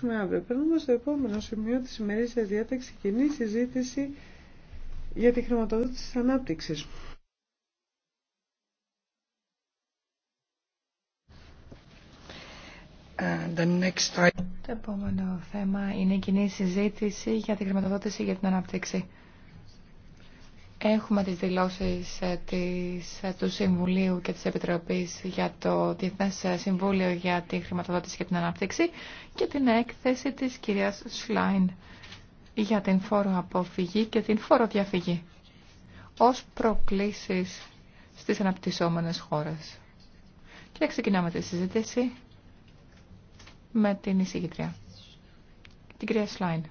συνεχίσουμε αύριο. Περνούμε στο επόμενο σημείο της ημερήσια διάταξη κοινή συζήτηση για τη χρηματοδότηση της ανάπτυξης. Ε, the next... Το επόμενο θέμα είναι η κοινή συζήτηση για τη χρηματοδότηση για την ανάπτυξη. Έχουμε τις δηλώσεις ε, της, ε, του Συμβουλίου και της Επιτροπής για το Διεθνές ε, Συμβούλιο για τη Χρηματοδότηση και την Ανάπτυξη και την έκθεση της κυρίας Σλάιν για την φόρο αποφυγή και την φόρο διαφυγή ως προκλήσεις στις αναπτυσσόμενες χώρες. Και ξεκινάμε τη συζήτηση με την εισηγητρία. Την κυρία Σλάιν.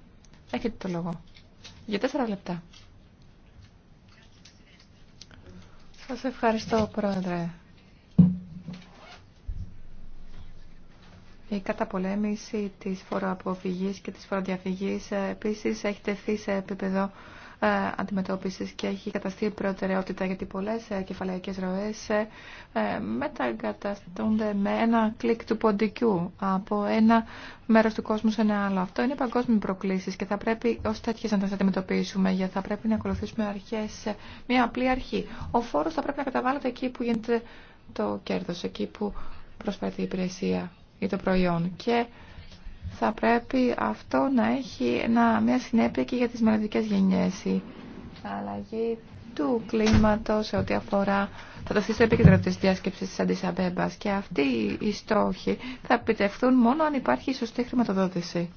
Έχετε το λόγο. Για τέσσερα λεπτά. Σας ευχαριστώ, Πρόεδρε. Η καταπολέμηση της φοροαποφυγής και της φοροδιαφυγής ε, επίσης έχει τεθεί σε επίπεδο ε, Αντιμετώπιση και έχει καταστεί προτεραιότητα γιατί πολλές ε, κεφαλαϊκές ροές ε, μεταγκαταστούνται με ένα κλικ του ποντικού από ένα μέρο του κόσμου σε ένα άλλο. Αυτό είναι παγκόσμιο προκλήσει και θα πρέπει ω τέτοιε να τι αντιμετωπίσουμε γιατί θα πρέπει να ακολουθήσουμε αρχέ αρχές, μια απλή αρχή. Ο φόρο θα πρέπει να καταβάλλεται εκεί που γίνεται το κέρδο, εκεί που προσφέρει η υπηρεσία ή το προϊόν και θα πρέπει αυτό να έχει ένα, μια συνέπεια και για τις μελλοντικές γενιές. Η αλλαγή του κλίματος σε ό,τι αφορά θα το στήσω επίκεντρο της διάσκεψης της Αντισαμπέμπας και αυτοί οι στόχοι θα επιτευχθούν μόνο αν υπάρχει σωστή χρηματοδότηση.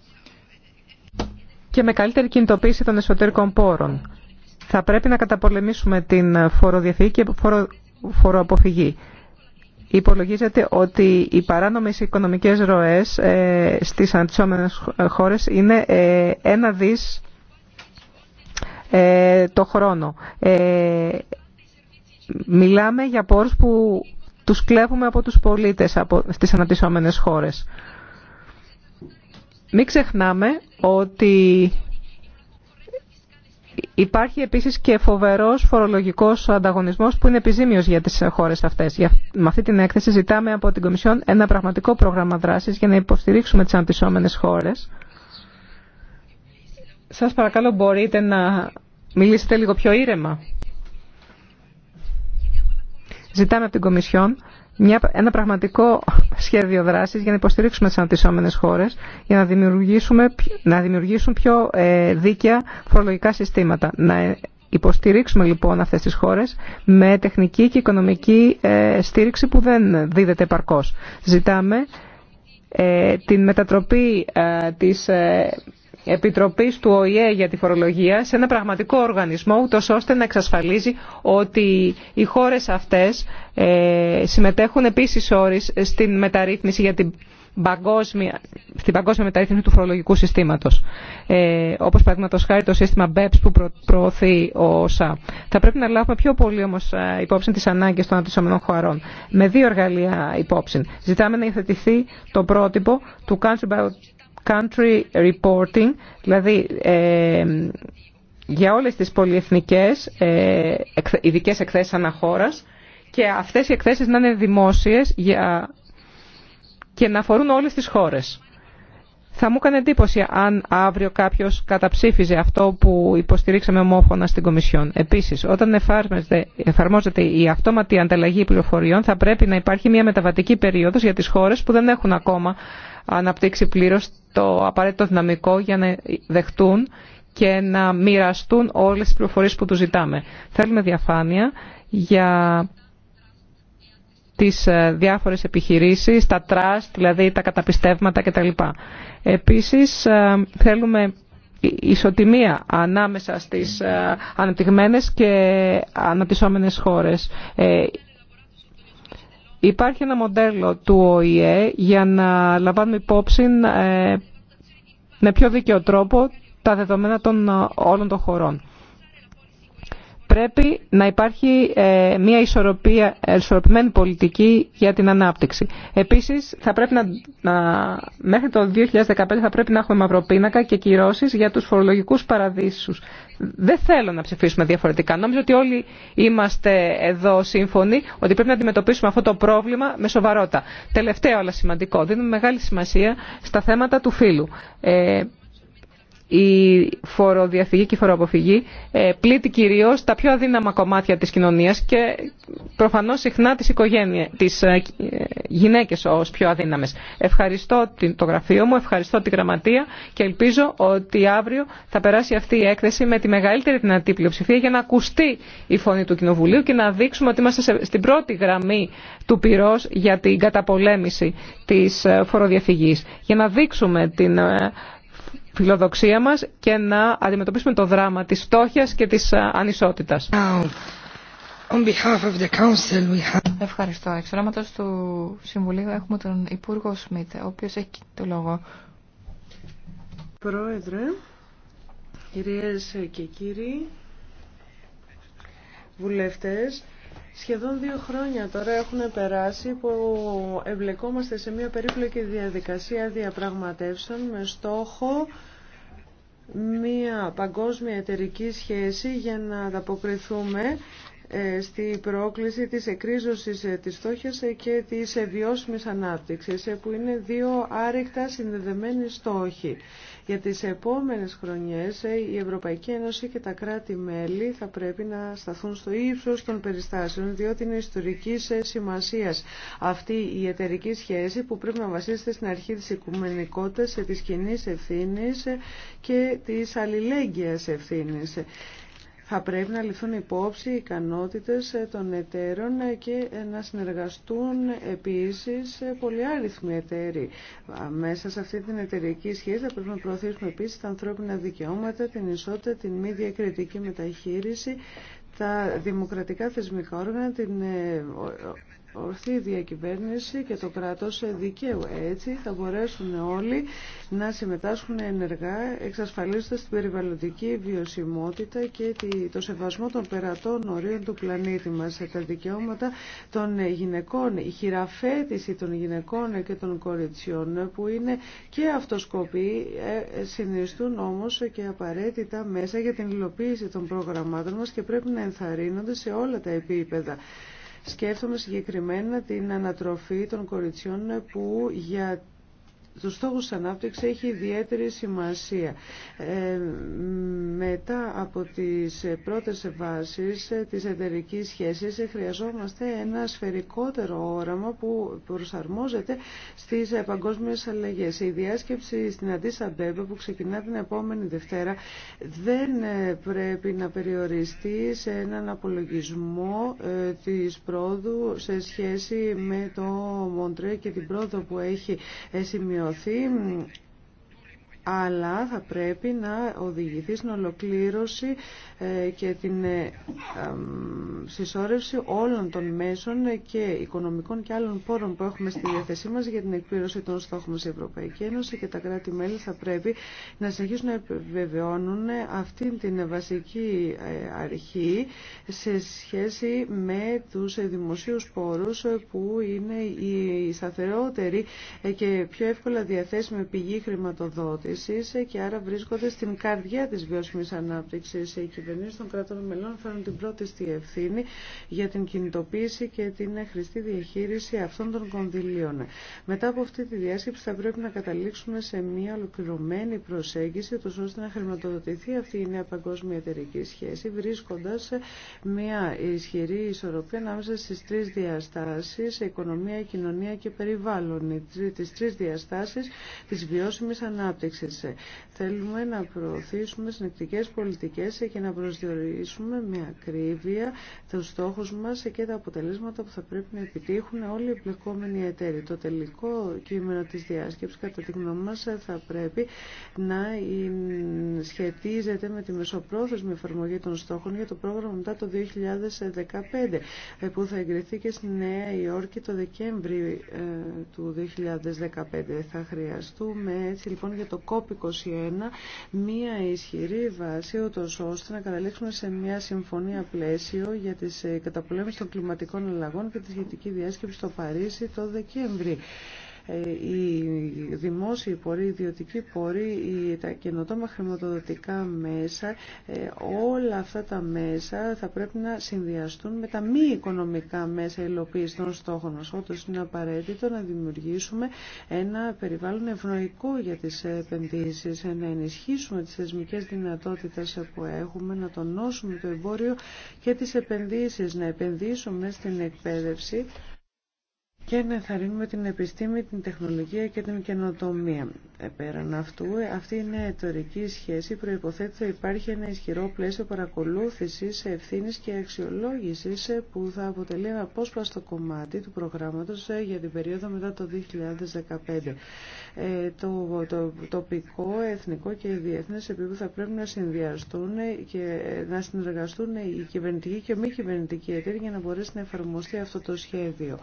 Και με καλύτερη κινητοποίηση των εσωτερικών πόρων. Θα πρέπει να καταπολεμήσουμε την φοροδιαφυγή και φορο, φοροαποφυγή. Υπολογίζεται ότι οι παράνομες οικονομικές ροές ε, στις αντισόμενες χώρες είναι ε, ένα δις ε, το χρόνο. Μιλάμε για πόρους που τους κλέβουμε από τους πολίτες στις αναπτυσσόμενες χώρες. Μην ξεχνάμε ότι Υπάρχει επίσης και φοβερός φορολογικός ανταγωνισμός που είναι επιζήμιος για τις χώρες αυτές. Με αυτή την έκθεση ζητάμε από την Κομισιόν ένα πραγματικό πρόγραμμα δράσης για να υποστηρίξουμε τις αντισώμενες χώρες. Σας παρακαλώ μπορείτε να μιλήσετε λίγο πιο ήρεμα. Ζητάμε από την Κομισιόν μια, ένα πραγματικό σχέδιο δράση για να υποστηρίξουμε τι αναπτυσσόμενε χώρε, για να, δημιουργήσουμε, να δημιουργήσουν πιο ε, δίκαια φορολογικά συστήματα. Να υποστηρίξουμε λοιπόν αυτέ τι χώρε με τεχνική και οικονομική ε, στήριξη που δεν δίδεται επαρκώ. Ζητάμε ε, την μετατροπή ε, της, Επιτροπή του ΟΗΕ για τη φορολογία σε ένα πραγματικό οργανισμό ούτω ώστε να εξασφαλίζει ότι οι χώρες αυτές ε, συμμετέχουν επίση όρει στην μεταρρύθμιση για την παγκόσμια, στην παγκόσμια μεταρρύθμιση του φορολογικού συστήματο. Ε, όπως παραδείγματο χάρη το σύστημα BEPS που προωθεί ο ΩΣΑ. Θα πρέπει να λάβουμε πιο πολύ όμω ε, υπόψη τις ανάγκες των αντισωμένων χωρών. Με δύο εργαλεία υπόψη. Ζητάμε να υιοθετηθεί το πρότυπο του Country country reporting, δηλαδή ε, για όλες τις πολυεθνικές ε, ειδικές εκθέσεις αναχώρας και αυτές οι εκθέσεις να είναι δημόσιες για, και να αφορούν όλες τις χώρες. Θα μου έκανε εντύπωση αν αύριο κάποιο καταψήφιζε αυτό που υποστηρίξαμε ομόφωνα στην Κομισιόν. Επίση, όταν εφαρμόζεται η αυτόματη ανταλλαγή πληροφοριών, θα πρέπει να υπάρχει μια μεταβατική περίοδο για τι χώρε που δεν έχουν ακόμα αναπτύξει πλήρω το απαραίτητο δυναμικό για να δεχτούν και να μοιραστούν όλε τι πληροφορίε που του ζητάμε. Θέλουμε διαφάνεια για τις ε, διάφορες επιχειρήσεις, τα trust, δηλαδή τα καταπιστεύματα κτλ. Επίσης ε, θέλουμε ισοτιμία ανάμεσα στις ε, αναπτυγμένες και αναπτυσσόμενες χώρες. Υπάρχει ένα μοντέλο του ΟΗΕ για να λαμβάνουμε υπόψη με πιο δίκαιο τρόπο τα δεδομένα των όλων των χωρών. Πρέπει να υπάρχει ε, μια ισορροπία, ισορροπημένη πολιτική για την ανάπτυξη. Επίσης, θα πρέπει να, να, μέχρι το 2015 θα πρέπει να έχουμε μαυροπίνακα και κυρώσεις για τους φορολογικούς παραδείσους. Δεν θέλω να ψηφίσουμε διαφορετικά. νομίζω ότι όλοι είμαστε εδώ σύμφωνοι ότι πρέπει να αντιμετωπίσουμε αυτό το πρόβλημα με σοβαρότητα. Τελευταίο αλλά σημαντικό. Δίνουμε μεγάλη σημασία στα θέματα του φύλου. Ε, η φοροδιαφυγή και η φοροαποφυγή ε, πλήττει κυρίως τα πιο αδύναμα κομμάτια τη κοινωνία και προφανώ συχνά τι γυναίκε ω γυναίκες ως πιο αδύναμε. Ευχαριστώ το γραφείο μου, ευχαριστώ την γραμματεία και ελπίζω ότι αύριο θα περάσει αυτή η έκθεση με τη μεγαλύτερη δυνατή πλειοψηφία για να ακουστεί η φωνή του Κοινοβουλίου και να δείξουμε ότι είμαστε στην πρώτη γραμμή του πυρό για την καταπολέμηση της ε, φοροδιαφυγή. Για να δείξουμε την ε, φιλοδοξία μας και να αντιμετωπίσουμε το δράμα της φτώχεια και της ε, ανισότητας. Ευχαριστώ. Εξ ονόματος του Συμβουλίου έχουμε τον Υπουργό Σμίτ, ο οποίος έχει το λόγο. Πρόεδρε, κυρίες και κύριοι, βουλευτές, Σχεδόν δύο χρόνια τώρα έχουν περάσει που εμπλεκόμαστε σε μια περίπλοκη διαδικασία διαπραγματεύσεων με στόχο μια παγκόσμια εταιρική σχέση για να ανταποκριθούμε στη πρόκληση της εκρίζωσης ε, της στόχιας ε, και της ε, βιώσιμης ανάπτυξης, που είναι δύο άρρηκτα συνδεδεμένοι στόχοι. Για τις επόμενες χρονιές η Ευρωπαϊκή Ένωση και τα κράτη-μέλη θα πρέπει να σταθούν στο ύψος των περιστάσεων, διότι είναι ιστορικής σημασίας αυτή η εταιρική σχέση που πρέπει να βασίζεται στην αρχή της οικουμενικότητας, της κοινή ευθύνη και της αλληλέγγυας ευθύνη θα πρέπει να ληφθούν υπόψη οι ικανότητες ε, των εταίρων ε, και ε, να συνεργαστούν επίσης πολλοί άριθμοι εταίροι. Μέσα σε αυτή την εταιρική σχέση θα πρέπει να προωθήσουμε επίσης τα ανθρώπινα δικαιώματα, την ισότητα, την μη διακριτική μεταχείριση, τα δημοκρατικά θεσμικά όργανα, την ορθή διακυβέρνηση και το κράτος δικαίου. Έτσι θα μπορέσουν όλοι να συμμετάσχουν ενεργά εξασφαλίζοντας την περιβαλλοντική βιωσιμότητα και το σεβασμό των περατών ορίων του πλανήτη μας, τα δικαιώματα των γυναικών, η χειραφέτηση των γυναικών και των κοριτσιών που είναι και αυτοσκοπή ε, συνιστούν όμως και απαραίτητα μέσα για την υλοποίηση των προγραμμάτων μας και πρέπει να ενθαρρύνονται σε όλα τα επίπεδα. Σκέφτομαι συγκεκριμένα την ανατροφή των κοριτσιών που για στους στόχους της ανάπτυξης έχει ιδιαίτερη σημασία. Ε, μετά από τις πρώτες βάσεις της εταιρικής σχέσης χρειαζόμαστε ένα σφαιρικότερο όραμα που προσαρμόζεται στις παγκόσμιες αλλαγές. Η διάσκεψη στην Αντίσα που ξεκινά την επόμενη Δευτέρα δεν πρέπει να περιοριστεί σε έναν απολογισμό ε, της πρόοδου σε σχέση με το Μοντρέ και την πρόοδο που έχει ε, σημειώσει σημειωθεί αλλά θα πρέπει να οδηγηθεί στην ολοκλήρωση ε, και την ε, συσσόρευση όλων των μέσων ε, και οικονομικών και άλλων πόρων που έχουμε στη διάθεσή μας για την εκπλήρωση των στόχων της Ευρωπαϊκής Ευρωπαϊκή Ένωση και τα κράτη-μέλη θα πρέπει να συνεχίσουν να επιβεβαιώνουν αυτήν την βασική αρχή σε σχέση με τους δημοσίους πόρους που είναι η σταθερότερη και πιο εύκολα διαθέσιμη πηγή χρηματοδότηση και άρα βρίσκονται στην καρδιά της βιώσιμης ανάπτυξης. Οι κυβερνήσεις των κρατών μελών φέρουν την πρώτη στη ευθύνη για την κινητοποίηση και την χρηστή διαχείριση αυτών των κονδυλίων. Μετά από αυτή τη διάσκεψη θα πρέπει να καταλήξουμε σε μια ολοκληρωμένη προσέγγιση τόσο ώστε να χρηματοδοτηθεί αυτή η νέα παγκόσμια εταιρική σχέση βρίσκοντας μια ισχυρή ισορροπία ανάμεσα στις τρεις διαστάσεις οικονομία, κοινωνία και περιβάλλον τι τρει διαστάσεις της βιώσιμη ανάπτυξη. Ε, θέλουμε να προωθήσουμε συνεκτικές πολιτικές και να προσδιορίσουμε με ακρίβεια τους στόχου μας και τα αποτελέσματα που θα πρέπει να επιτύχουν όλοι οι εμπλεκόμενοι εταίροι. Το τελικό κείμενο της διάσκεψης κατά τη γνώμη μας θα πρέπει να σχετίζεται με τη μεσοπρόθεσμη εφαρμογή των στόχων για το πρόγραμμα μετά το 2015 ε, που θα εγκριθεί και στη Νέα Υόρκη το Δεκέμβρη ε, του 2015. Θα χρειαστούμε έτσι λοιπόν για το COP21 μία ισχυρή βάση ούτως ώστε να καταλήξουμε σε μια συμφωνία πλαίσιο για τις ε, καταπολέμηση των κλιματικών αλλαγών και τη σχετική διάσκεψη στο Παρίσι το Δεκέμβρη οι δημόσιοι πορεί, οι ιδιωτικοί ποροί, τα καινοτόμα χρηματοδοτικά μέσα, ε, όλα αυτά τα μέσα θα πρέπει να συνδυαστούν με τα μη οικονομικά μέσα υλοποίηση των στόχων μας. Όντως είναι απαραίτητο να δημιουργήσουμε ένα περιβάλλον ευνοϊκό για τις επενδύσεις, να ενισχύσουμε τις θεσμικέ δυνατότητες που έχουμε, να τονώσουμε το εμπόριο και τις επενδύσεις, να επενδύσουμε στην εκπαίδευση και να ενθαρρύνουμε την επιστήμη, την τεχνολογία και την καινοτομία. Ε, πέραν αυτού, αυτή είναι η νέα σχέση προϋποθέτει ότι υπάρχει ένα ισχυρό πλαίσιο παρακολούθησης, ευθύνης και αξιολόγησης ε, που θα αποτελεί ένα απόσπαστο κομμάτι του προγράμματος ε, για την περίοδο μετά το 2015. το, το τοπικό, εθνικό και διεθνές επίπεδο θα πρέπει να συνδυαστούν και να συνεργαστούν οι κυβερνητικοί και μη κυβερνητικοί εταιροί για να μπορέσει να εφαρμοστεί αυτό το σχέδιο.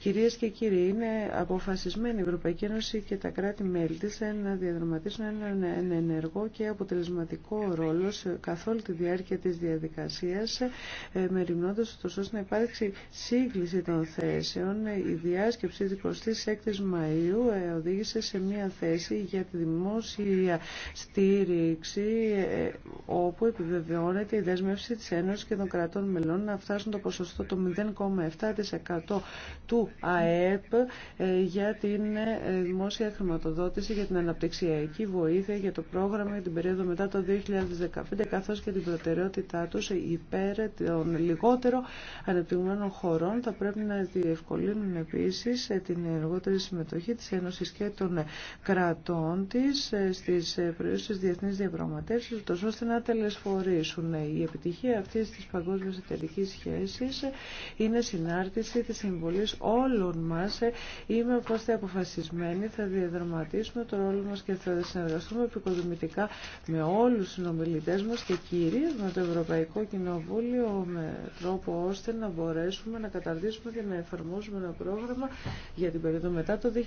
Κυρίες και κύριοι, είναι αποφασισμένη η Ευρωπαϊκή Ένωση και τα κράτη-μέλη της να διαδραματίσουν έναν ενεργό και αποτελεσματικό ρόλο σε καθ' όλη τη διάρκεια της διαδικασίας, ε, μεριμνώντας ώστε να υπάρξει σύγκληση των θέσεων. Η διάσκεψη 26ης Μαΐου ε, οδήγησε σε μια θέση για τη δημόσια στήριξη, ε, όπου επιβεβαιώνεται η δέσμευση της Ένωσης και των κρατών μελών να φτάσουν το ποσοστό το 0,7% του ΑΕΠ ε, για την ε, δημόσια χρηματοδότηση για την αναπτυξιακή βοήθεια για το πρόγραμμα για την περίοδο μετά το 2015 καθώς και την προτεραιότητά τους υπέρ των λιγότερο ανεπτυγμένων χωρών θα πρέπει να διευκολύνουν επίσης ε, την εργότερη συμμετοχή της Ένωσης και των κρατών της στις προϊόντες διεθνείς διαπραγματεύσεις ώστε να τελεσφορήσουν. Η επιτυχία αυτής της παγκόσμιας εταιρικής σχέσης είναι συνάρτηση της συμβολής όλων όλων μας ε, είμαι πως θα αποφασισμένοι, θα διαδραματίσουμε το ρόλο μας και θα συνεργαστούμε επικοδομητικά με όλους τους συνομιλητές μας και κυρίως με το Ευρωπαϊκό Κοινοβούλιο με τρόπο ώστε να μπορέσουμε να καταρτήσουμε και να εφαρμόσουμε ένα πρόγραμμα για την περίοδο μετά το 2015,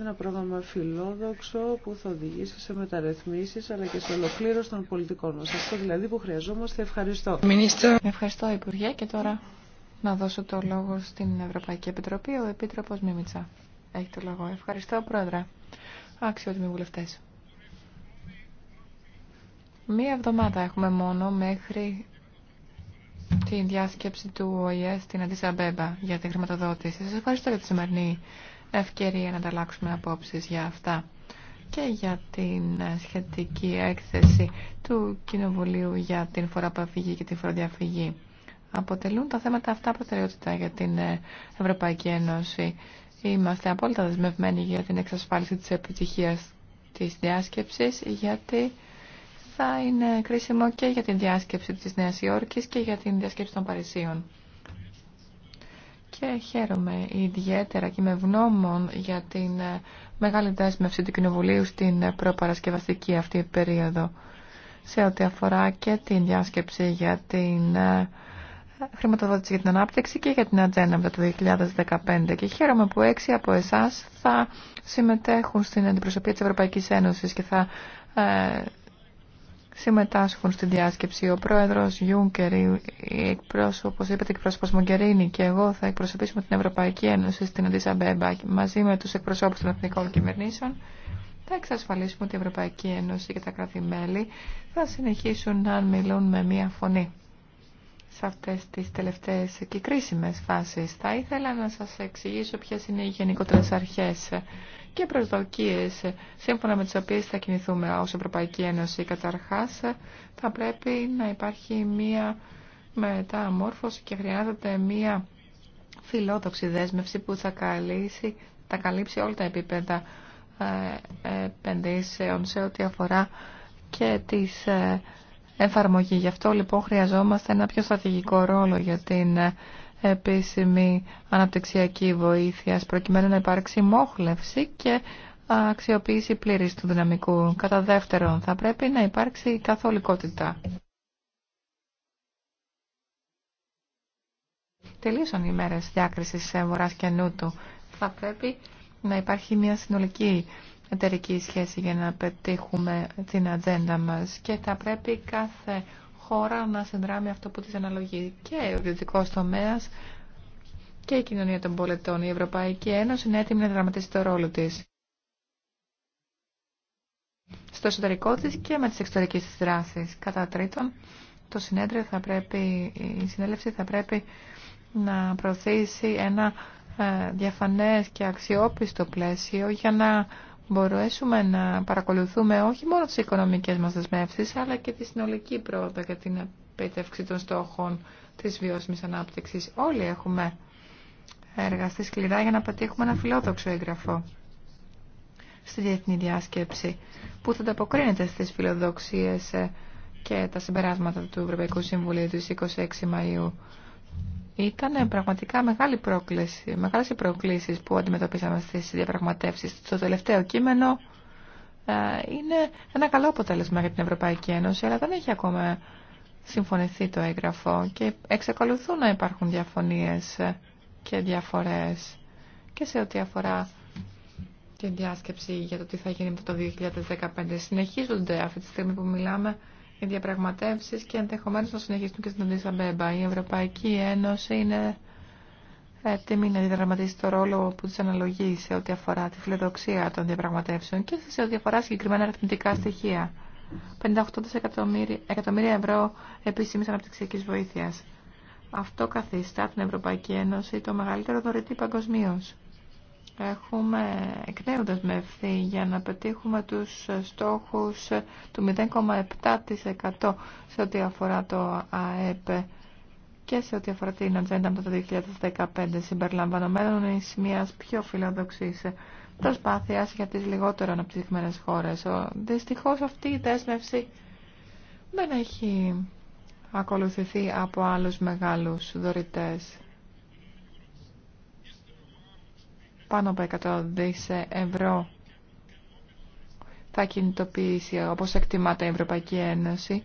ένα πρόγραμμα φιλόδοξο που θα οδηγήσει σε μεταρρυθμίσεις αλλά και σε ολοκλήρωση των πολιτικών μας. Αυτό δηλαδή που χρειαζόμαστε. Ευχαριστώ. Ευχαριστώ Υπουργέ και τώρα να δώσω το λόγο στην Ευρωπαϊκή Επιτροπή. Ο Επίτροπος Μίμητσα έχει το λόγο. Ευχαριστώ, Πρόεδρε. Αξιότιμοι βουλευτέ. Μία εβδομάδα έχουμε μόνο μέχρι τη διάσκεψη του ΟΗΕ στην Αντισαμπέμπα για τη χρηματοδότηση. Σας ευχαριστώ για τη σημερινή ευκαιρία να ανταλλάξουμε απόψεις για αυτά και για την σχετική έκθεση του Κοινοβουλίου για την φοροαπαφυγή και την φοροδιαφυγή αποτελούν τα θέματα αυτά προτεραιότητα για την ε, Ευρωπαϊκή Ένωση. Είμαστε απόλυτα δεσμευμένοι για την εξασφάλιση της επιτυχίας της διάσκεψης, γιατί θα είναι κρίσιμο και για την διάσκεψη της Νέας Υόρκης και για την διάσκεψη των Παρισίων. Και χαίρομαι ιδιαίτερα και με ευγνώμων για την ε, μεγάλη δέσμευση του Κοινοβουλίου στην ε, προπαρασκευαστική αυτή περίοδο σε ό,τι αφορά και την διάσκεψη για την χρηματοδότηση για την ανάπτυξη και για την ατζέντα μετά το 2015 και χαίρομαι που έξι από εσάς θα συμμετέχουν στην αντιπροσωπεία της Ευρωπαϊκής Ένωσης και θα ε, συμμετάσχουν στην διάσκεψη. Ο πρόεδρος Γιούνκερ, όπω είπατε, εκπρόσωπος Μογκερίνη και εγώ θα εκπροσωπήσουμε την Ευρωπαϊκή Ένωση στην Αντίσα μαζί με τους εκπροσώπους των εθνικών κυβερνήσεων θα εξασφαλίσουμε ότι η Ευρωπαϊκή Ένωση και τα κράτη-μέλη θα συνεχίσουν να μιλούν με μία φωνή σε αυτές τις τελευταίες και κρίσιμες φάσεις. Θα ήθελα να σας εξηγήσω ποιες είναι οι γενικότερες αρχές και προσδοκίες σύμφωνα με τις οποίες θα κινηθούμε ως Ευρωπαϊκή Ένωση. Καταρχάς θα πρέπει να υπάρχει μία μεταμόρφωση και χρειάζεται μία φιλόδοξη δέσμευση που θα καλύψει, καλύψει όλα τα επίπεδα ε, επενδύσεων σε ό,τι αφορά και τις ε, εφαρμογή. Γι' αυτό λοιπόν χρειαζόμαστε ένα πιο στρατηγικό ρόλο για την επίσημη αναπτυξιακή βοήθεια προκειμένου να υπάρξει μόχλευση και αξιοποίηση πλήρης του δυναμικού. Κατά δεύτερον, θα πρέπει να υπάρξει καθολικότητα. Τελείωσαν οι μέρες διάκρισης βορράς και νότου. Θα πρέπει να υπάρχει μια συνολική εταιρική σχέση για να πετύχουμε την ατζέντα μας και θα πρέπει κάθε χώρα να συνδράμει αυτό που της αναλογεί και ο ιδιωτικό τομέα και η κοινωνία των πολιτών. Η Ευρωπαϊκή Ένωση είναι έτοιμη να δραματίσει το ρόλο της στο εσωτερικό της και με τις εξωτερικές της δράσεις. Κατά τρίτον, το συνέδριο θα πρέπει, η συνέλευση θα πρέπει να προωθήσει ένα ε, διαφανές και αξιόπιστο πλαίσιο για να μπορέσουμε να παρακολουθούμε όχι μόνο τις οικονομικές μας δεσμεύσεις, αλλά και τη συνολική πρόοδο για την επίτευξη των στόχων της βιώσιμης ανάπτυξης. Όλοι έχουμε εργαστεί σκληρά για να πετύχουμε ένα φιλόδοξο έγγραφο στη διεθνή διάσκεψη που θα ανταποκρίνεται στις φιλοδοξίες ε, και τα συμπεράσματα του Ευρωπαϊκού Συμβουλίου του 26 Μαΐου. Ήταν πραγματικά μεγάλη πρόκληση, μεγάλες οι προκλήσεις που αντιμετωπίσαμε στις διαπραγματεύσεις. Το τελευταίο κείμενο ε, είναι ένα καλό αποτέλεσμα για την Ευρωπαϊκή Ένωση, αλλά δεν έχει ακόμα συμφωνηθεί το έγγραφο και εξακολουθούν να υπάρχουν διαφωνίες και διαφορές και σε ό,τι αφορά την διάσκεψη για το τι θα γίνει μετά το 2015. Συνεχίζονται αυτή τη στιγμή που μιλάμε οι διαπραγματεύσει και ενδεχομένω να συνεχιστούν και στην Αντίσα Μπέμπα. Η Ευρωπαϊκή Ένωση είναι έτοιμη να διδραματίσει το ρόλο που τη αναλογεί σε ό,τι αφορά τη φιλοδοξία των διαπραγματεύσεων και σε ό,τι αφορά συγκεκριμένα αριθμητικά στοιχεία. 58 εκατομμύρια ευρώ επίσημη αναπτυξιακή βοήθεια. Αυτό καθιστά την Ευρωπαϊκή Ένωση το μεγαλύτερο δωρετή παγκοσμίω έχουμε εκ δεσμευθεί για να πετύχουμε τους στόχους του 0,7% σε ό,τι αφορά το ΑΕΠ και σε ό,τι αφορά την ατζέντα από το 2015 συμπεριλαμβανομένων μιας πιο φιλοδοξής προσπάθειας για τις λιγότερο αναπτυγμένες χώρες. Δυστυχώς αυτή η δέσμευση δεν έχει ακολουθηθεί από άλλους μεγάλους δωρητές. πάνω από 100 δις ευρώ θα κινητοποιήσει όπως εκτιμάται η Ευρωπαϊκή Ένωση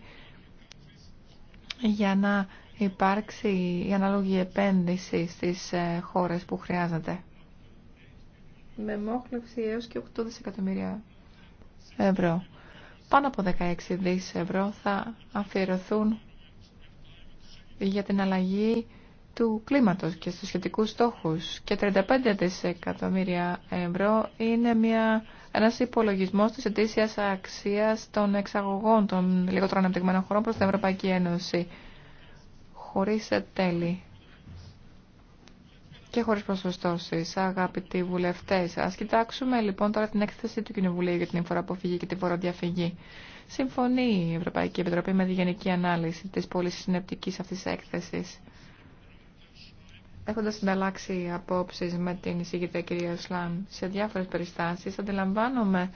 για να υπάρξει η ανάλογη επένδυση στις ε, χώρες που χρειάζεται. Με μόχλευση έως και 8 δισεκατομμύρια ευρώ. Πάνω από 16 δις ευρώ θα αφιερωθούν για την αλλαγή του κλίματος και στους σχετικούς στόχους και 35 δισεκατομμύρια ευρώ είναι μια, ένας υπολογισμός της ετήσιας αξίας των εξαγωγών των λιγότερων αναπτυγμένων χωρών προς την Ευρωπαϊκή Ένωση χωρίς τέλη και χωρίς προσωστώσεις, αγαπητοί βουλευτές. Ας κοιτάξουμε λοιπόν τώρα την έκθεση του Κοινοβουλίου για την φοροαποφυγή και την φοροδιαφυγή. Συμφωνεί η Ευρωπαϊκή Επιτροπή με τη γενική ανάλυση της πολύ συνεπτικής αυτής έκθεσης. Έχοντα συνταλλάξει απόψει με την εισηγητή κυρία Σλάν σε διάφορε περιστάσει, αντιλαμβάνομαι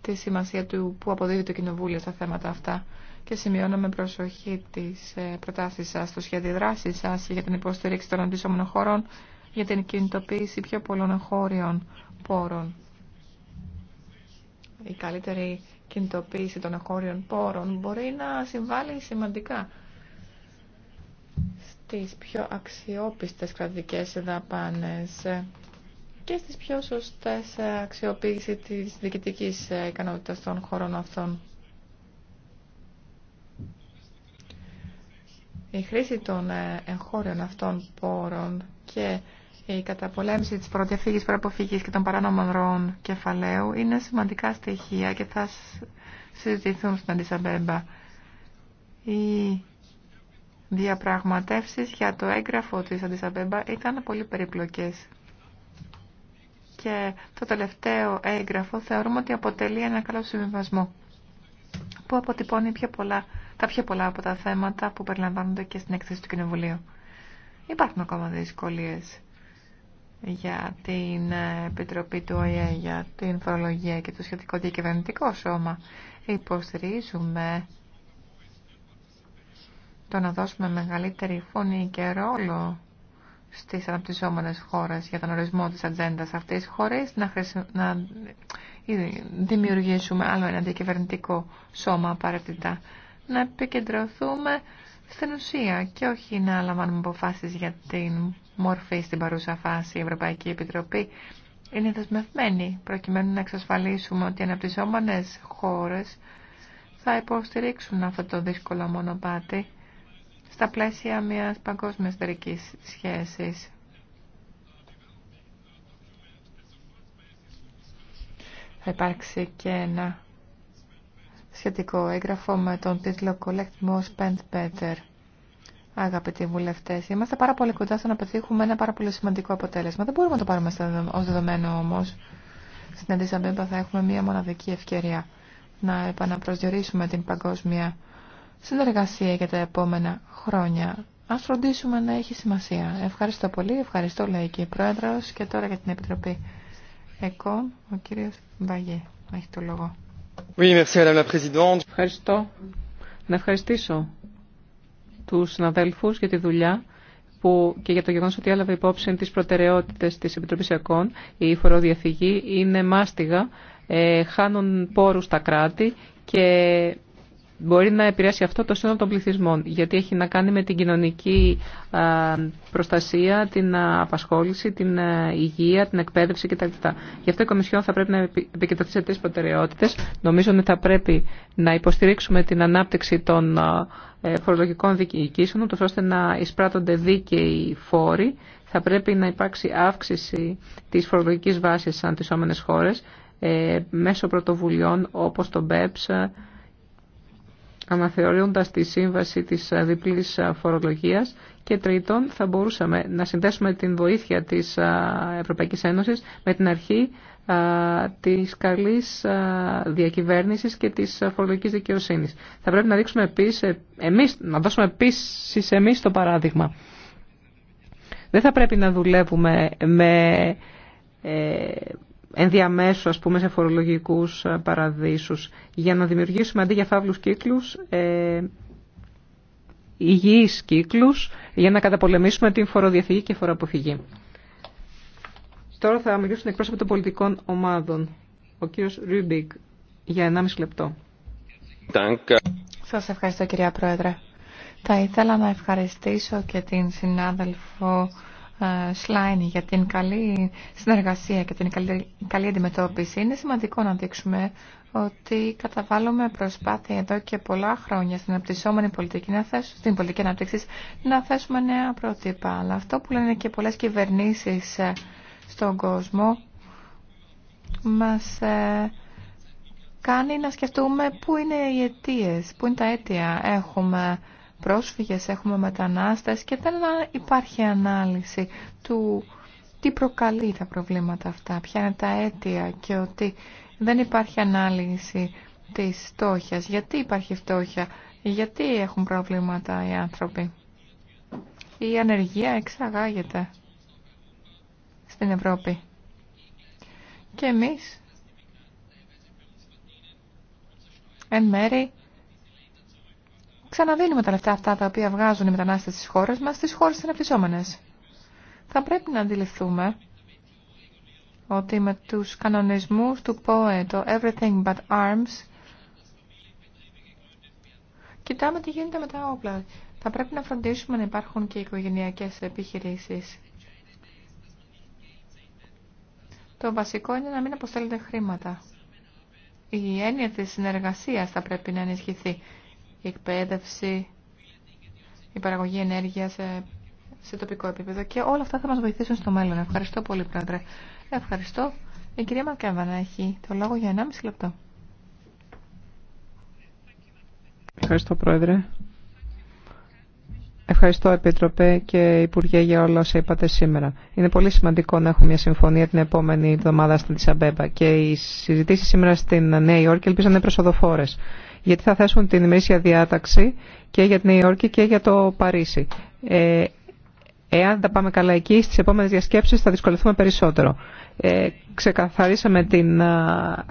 τη σημασία του που αποδίδει το Κοινοβούλιο στα θέματα αυτά και σημειώνω με προσοχή τις ε, προτάσεις σας, το σχέδιο δράση σα για την υποστήριξη των αντίστοιχων χωρών για την κινητοποίηση πιο πολλών εγχώριων πόρων. Η καλύτερη κινητοποίηση των εγχώριων πόρων μπορεί να συμβάλλει σημαντικά τις πιο αξιόπιστες κρατικές δαπάνες και στις πιο σωστές αξιοποίηση της διοικητικής ικανότητας των χωρών αυτών. Η χρήση των εγχώριων αυτών πόρων και η καταπολέμηση της προδιαφύγης προαποφύγης και των παράνομων ροών κεφαλαίου είναι σημαντικά στοιχεία και θα συζητηθούν στην Αντισαμπέμπα. Η διαπραγματεύσεις για το έγγραφο της Αντισαμπέμπα ήταν πολύ περιπλοκές. Και το τελευταίο έγγραφο θεωρούμε ότι αποτελεί ένα καλό συμβιβασμό που αποτυπώνει πολλά, τα πιο πολλά από τα θέματα που περιλαμβάνονται και στην έκθεση του Κοινοβουλίου. Υπάρχουν ακόμα δυσκολίες για την Επιτροπή του ΟΗΕ, για την φορολογία και το σχετικό διακυβερνητικό σώμα. Υποστηρίζουμε το να δώσουμε μεγαλύτερη φωνή και ρόλο στις αναπτυσσόμενες χώρες για τον ορισμό της ατζέντα αυτής χωρίς να, να δημιουργήσουμε άλλο ένα αντικυβερνητικό σώμα απαραίτητα. Να επικεντρωθούμε στην ουσία και όχι να λαμβάνουμε αποφάσει για την μορφή στην παρούσα φάση. Η Ευρωπαϊκή Επιτροπή είναι δεσμευμένη προκειμένου να εξασφαλίσουμε ότι οι αναπτυσσόμενες χώρες θα υποστηρίξουν αυτό το δύσκολο μονοπάτι στα πλαίσια μιας παγκόσμιας δερικής σχέσης. Θα υπάρξει και ένα σχετικό έγγραφο με τον τίτλο Collect More, Spend Better. Αγαπητοί βουλευτέ, είμαστε πάρα πολύ κοντά στο να πετύχουμε ένα πάρα πολύ σημαντικό αποτέλεσμα. Δεν μπορούμε να το πάρουμε ω δεδομένο όμω. Στην Αντίσα θα έχουμε μία μοναδική ευκαιρία να επαναπροσδιορίσουμε την παγκόσμια συνεργασία για τα επόμενα χρόνια. Ας φροντίσουμε να έχει σημασία. Ευχαριστώ πολύ. Ευχαριστώ, λέει και η Πρόεδρος. Και τώρα για την Επιτροπή ΕΚΟΝ, ο κύριος Μπαγιέ. Έχει το λόγο. Ευχαριστώ. Να ευχαριστήσω τους συναδέλφους για τη δουλειά που και για το γεγονό ότι έλαβε υπόψη τι προτεραιότητε τη Επιτροπή ΕΚΟΝ. Η φοροδιαφυγή είναι μάστιγα, ε, χάνουν πόρου στα κράτη και μπορεί να επηρεάσει αυτό το σύνολο των πληθυσμών, γιατί έχει να κάνει με την κοινωνική προστασία, την απασχόληση, την υγεία, την εκπαίδευση κτλ. Γι' αυτό η Κομισιόν θα πρέπει να επικεντρωθεί σε τρει προτεραιότητε. Νομίζω ότι θα πρέπει να υποστηρίξουμε την ανάπτυξη των ε, φορολογικών διοικήσεων, ώστε να εισπράττονται δίκαιοι φόροι. Θα πρέπει να υπάρξει αύξηση της φορολογικής βάσης στις χώρε χώρες ε, μέσω πρωτοβουλειών όπως το BEPS, αναθεωρούντας τη σύμβαση της διπλής φορολογίας και τρίτον θα μπορούσαμε να συνδέσουμε την βοήθεια της Ευρωπαϊκής Ένωσης με την αρχή της καλής διακυβέρνησης και της φορολογικής δικαιοσύνης. Θα πρέπει να, δείξουμε επίσης, ε, εμείς, να δώσουμε επίσης εμείς το παράδειγμα. Δεν θα πρέπει να δουλεύουμε με ε, ενδιαμέσου ας πούμε σε φορολογικούς ε, παραδείσους για να δημιουργήσουμε αντί για φαύλους κύκλους ε, υγιείς κύκλους για να καταπολεμήσουμε την φοροδιαφυγή και φοροαποφυγή. Τώρα θα μιλήσουν εκπρόσωποι των πολιτικών ομάδων. Ο κύριος Ρούμπικ για 1,5 λεπτό. Σας ευχαριστώ κυρία Πρόεδρε. Θα ήθελα να ευχαριστήσω και την συνάδελφο ε, Σλάιν για την καλή συνεργασία και την καλή αντιμετώπιση. Είναι σημαντικό να δείξουμε ότι καταβάλουμε προσπάθεια εδώ και πολλά χρόνια στην αναπτυσσόμενη πολιτική, να θέσουμε, στην πολιτική ανάπτυξη να θέσουμε νέα πρότυπα. Αλλά αυτό που λένε και πολλές κυβερνήσεις ε, στον κόσμο μας ε, κάνει να σκεφτούμε πού είναι οι αιτίες, πού είναι τα αίτια. Έχουμε πρόσφυγες, έχουμε μετανάστες και δεν υπάρχει ανάλυση του τι προκαλεί τα προβλήματα αυτά, ποια είναι τα αίτια και ότι δεν υπάρχει ανάλυση της φτώχειας. Γιατί υπάρχει φτώχεια, γιατί έχουν προβλήματα οι άνθρωποι. Η ανεργία εξαγάγεται στην Ευρώπη. Και εμείς, εν μέρη, ξαναδίνουμε τα λεφτά αυτά τα οποία βγάζουν οι μετανάστες στις χώρες μας, στις χώρες αναπτυσσόμενες. Θα πρέπει να αντιληφθούμε ότι με τους κανονισμούς του ΠΟΕ, το Everything But Arms, κοιτάμε τι γίνεται με τα όπλα. Θα πρέπει να φροντίσουμε να υπάρχουν και οικογενειακές επιχειρήσεις. Το βασικό είναι να μην αποστέλλετε χρήματα. Η έννοια της συνεργασίας θα πρέπει να ενισχυθεί η εκπαίδευση, η παραγωγή ενέργεια σε, σε τοπικό επίπεδο και όλα αυτά θα μα βοηθήσουν στο μέλλον. Ευχαριστώ πολύ, Πρόεδρε. Ευχαριστώ. Η κυρία να έχει το λόγο για 1,5 λεπτό. Ευχαριστώ, Πρόεδρε. Ευχαριστώ, Επίτροπε και Υπουργέ, για όλα όσα είπατε σήμερα. Είναι πολύ σημαντικό να έχουμε μια συμφωνία την επόμενη εβδομάδα στην Τσαμπέμπα και οι συζητήσει σήμερα στην Νέα Υόρκη ελπίζω να είναι γιατί θα θέσουν την ημερήσια διάταξη και για την Νέα Υόρκη και για το Παρίσι. Ε, εάν τα πάμε καλά εκεί, στις επόμενες διασκέψεις θα δυσκολευτούμε περισσότερο. Ε, ξεκαθαρίσαμε την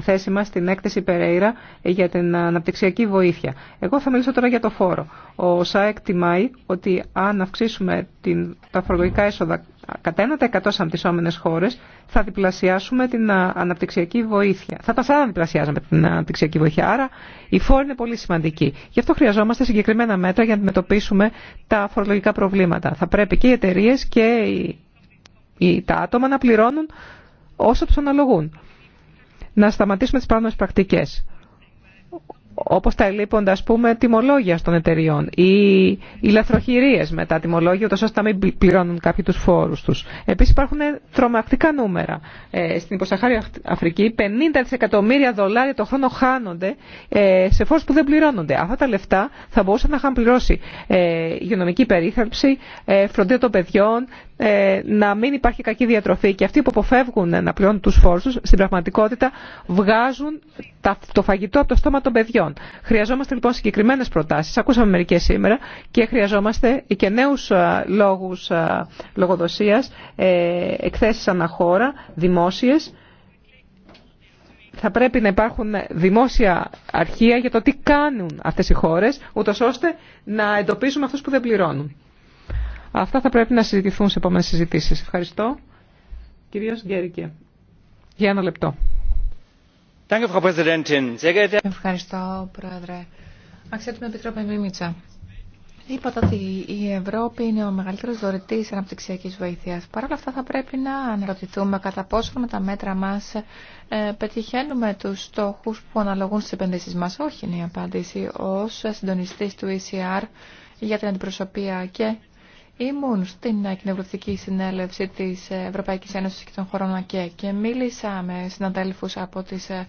θέση μας στην έκθεση Περέιρα για την αναπτυξιακή βοήθεια. Εγώ θα μιλήσω τώρα για το φόρο. Ο ΣΑΕΚ τιμάει ότι αν αυξήσουμε την, τα φορολογικά έσοδα κατά 1% εκατό αναπτυσσόμενες χώρες θα διπλασιάσουμε την αναπτυξιακή βοήθεια. Θα τα σαν διπλασιάζαμε την αναπτυξιακή βοήθεια. Άρα η φόρη είναι πολύ σημαντική. Γι' αυτό χρειαζόμαστε συγκεκριμένα μέτρα για να αντιμετωπίσουμε τα φορολογικά προβλήματα. Θα πρέπει και οι εταιρείε και οι, τα άτομα να πληρώνουν όσο τους αναλογούν. Να σταματήσουμε τι παράνομε πρακτικέ όπως τα ελείποντα ας πούμε τιμολόγια των εταιριών ή οι λαθροχειρίες με τα τιμολόγια ούτως ώστε να μην πληρώνουν κάποιοι τους φόρους τους. Επίσης υπάρχουν τρομακτικά νούμερα. Ε, στην υποσαχάρια Αφρική 50 δισεκατομμύρια δολάρια το χρόνο χάνονται ε, σε φόρους που δεν πληρώνονται. Αυτά τα λεφτά θα μπορούσαν να είχαν πληρώσει ε, υγειονομική περίθαλψη, ε, φροντίδα των παιδιών, ε, να μην υπάρχει κακή διατροφή και αυτοί που αποφεύγουν να πληρώνουν τους φόρους τους, στην πραγματικότητα βγάζουν το φαγητό από το στόμα των παιδιών. Χρειαζόμαστε λοιπόν συγκεκριμένες προτάσεις, ακούσαμε μερικές σήμερα και χρειαζόμαστε και νέους λόγους λογοδοσίας, ε, εκθέσεις αναχώρα, δημόσιες. Θα πρέπει να υπάρχουν δημόσια αρχεία για το τι κάνουν αυτές οι χώρες, ούτως ώστε να εντοπίσουμε αυτούς που δεν πληρώνουν. Αυτά θα πρέπει να συζητηθούν σε επόμενες συζητήσει. Ευχαριστώ. Κυρίω Γκέρικε. Για ένα λεπτό. Ευχαριστώ, Πρόεδρε. Αξιότιμη Επιτρόπη Μίμητσα. Είπατε ότι η Ευρώπη είναι ο μεγαλύτερο δωρητή αναπτυξιακή βοήθεια. Παρ' όλα αυτά, θα πρέπει να αναρωτηθούμε κατά πόσο με τα μέτρα μα ε, πετυχαίνουμε του στόχου που αναλογούν στι επενδύσει μα. Όχι, είναι η απάντηση. Ω συντονιστή του ECR για την αντιπροσωπεία και Ήμουν στην κοινοβουλευτική συνέλευση της Ευρωπαϊκής Ένωσης και των χωρών ΑΚΕ και μίλησα με συναδέλφους από τις ε,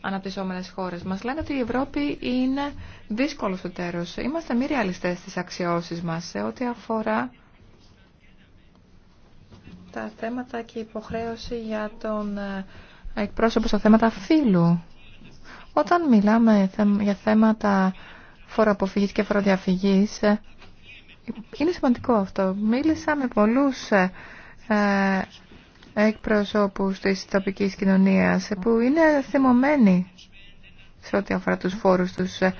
αναπτυσσόμενες χώρες. Μας λένε ότι η Ευρώπη είναι δύσκολος εταίρος. Είμαστε μη ρεαλιστές στις αξιώσεις μας σε ό,τι αφορά τα θέματα και υποχρέωση για τον ε, εκπρόσωπο στα θέματα φύλου. Όταν μιλάμε για θέματα φοροαποφυγής και φοροδιαφυγής, ε, είναι σημαντικό αυτό. Μίλησα με πολλούς ε, ε, εκπροσώπους της τοπικής κοινωνίας που είναι θυμωμένοι σε ό,τι αφορά τους φόρους τους ε,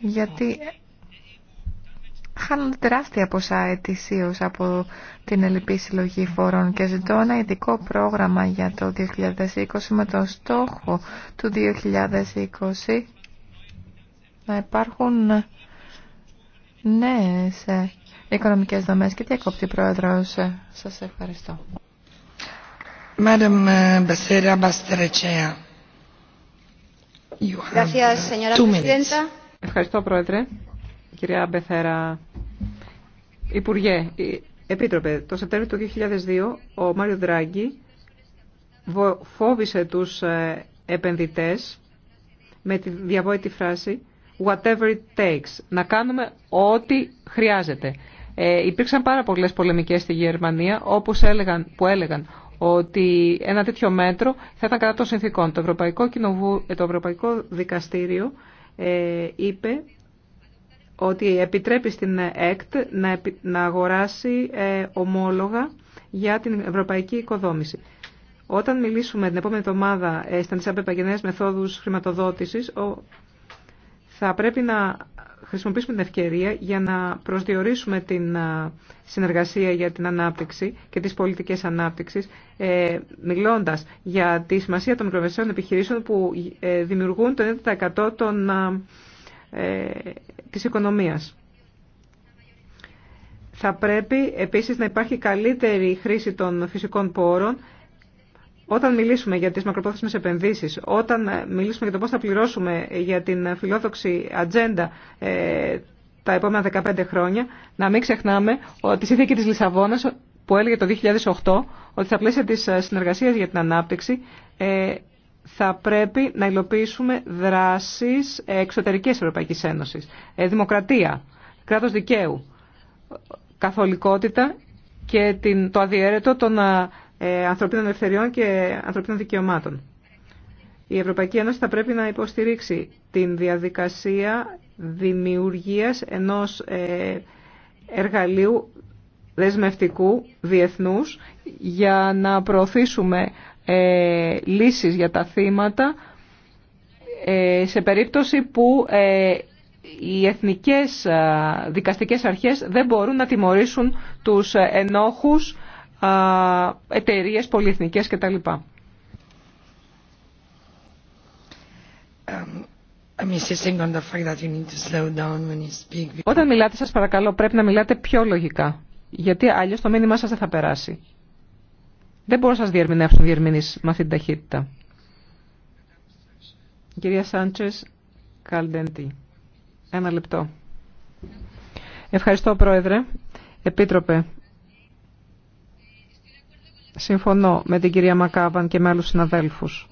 γιατί χάνονται τεράστια ποσά ετησίως από την ελληπή συλλογή φόρων και ζητώ ένα ειδικό πρόγραμμα για το 2020 με τον στόχο του 2020 να υπάρχουν ναι, σε οικονομικές δομές και τι διακόπτη πρόεδρος. Ε, σας ευχαριστώ. Ε, ευχαριστώ, Πρόεδρε. Κυρία Μπεθέρα, Υπουργέ, Επίτροπε, το Σεπτέμβριο του 2002 ο Μάριο Δράγκη φόβησε τους ε, επενδυτές με τη διαβόητη φράση whatever it takes, να κάνουμε ό,τι χρειάζεται. Ε, υπήρξαν πάρα πολλές πολεμικές στη Γερμανία όπως έλεγαν, που έλεγαν ότι ένα τέτοιο μέτρο θα ήταν κατά των συνθήκων. Το Ευρωπαϊκό, Κοινοβου... το Ευρωπαϊκό Δικαστήριο ε, είπε ότι επιτρέπει στην ΕΚΤ να, να αγοράσει ε, ομόλογα για την ευρωπαϊκή οικοδόμηση. Όταν μιλήσουμε την επόμενη εβδομάδα ε, στα Νησάμπεπα μεθόδους χρηματοδότησης, ο θα πρέπει να χρησιμοποιήσουμε την ευκαιρία για να προσδιορίσουμε την ε, συνεργασία για την ανάπτυξη και τις πολιτικές ανάπτυξης, ε, μιλώντας για τη σημασία των μικρομεσαίων επιχειρήσεων που ε, δημιουργούν το 90% των, ε, ε, της οικονομίας. Θα πρέπει επίσης να υπάρχει καλύτερη χρήση των φυσικών πόρων, όταν μιλήσουμε για τις μακροπρόθεσμες επενδύσεις, όταν ε, μιλήσουμε για το πώς θα πληρώσουμε για την φιλόδοξη ατζέντα ε, τα επόμενα 15 χρόνια, να μην ξεχνάμε ότι η συνθήκη της Λισαβόνας που έλεγε το 2008 ότι στα πλαίσια της ε, συνεργασίας για την ανάπτυξη θα πρέπει να υλοποιήσουμε δράσεις εξωτερικής Ευρωπαϊκής Ένωσης. δημοκρατία, κράτος δικαίου, καθολικότητα και το αδιέρετο των ε, ανθρωπίνων ελευθεριών και ανθρωπίνων δικαιωμάτων. Η Ευρωπαϊκή Ένωση θα πρέπει να υποστηρίξει την διαδικασία δημιουργίας ενός ε, εργαλείου δεσμευτικού διεθνούς για να προωθήσουμε ε, λύσεις για τα θύματα σε περίπτωση που οι εθνικές δικαστικές αρχές δεν μπορούν να τιμωρήσουν τους ενόχους εταιρείε πολυεθνικές κτλ. Όταν μιλάτε σας παρακαλώ πρέπει να μιλάτε πιο λογικά γιατί αλλιώς το μήνυμά σας δεν θα περάσει. Δεν μπορώ να σας διερμηνεύσω διερμηνείς με αυτή την ταχύτητα. κυρία Σάντσες Καλντέντι. Ένα λεπτό. Ευχαριστώ Πρόεδρε. Επίτροπε, συμφωνώ με την κυρία Μακάβαν και με άλλους συναδέλφους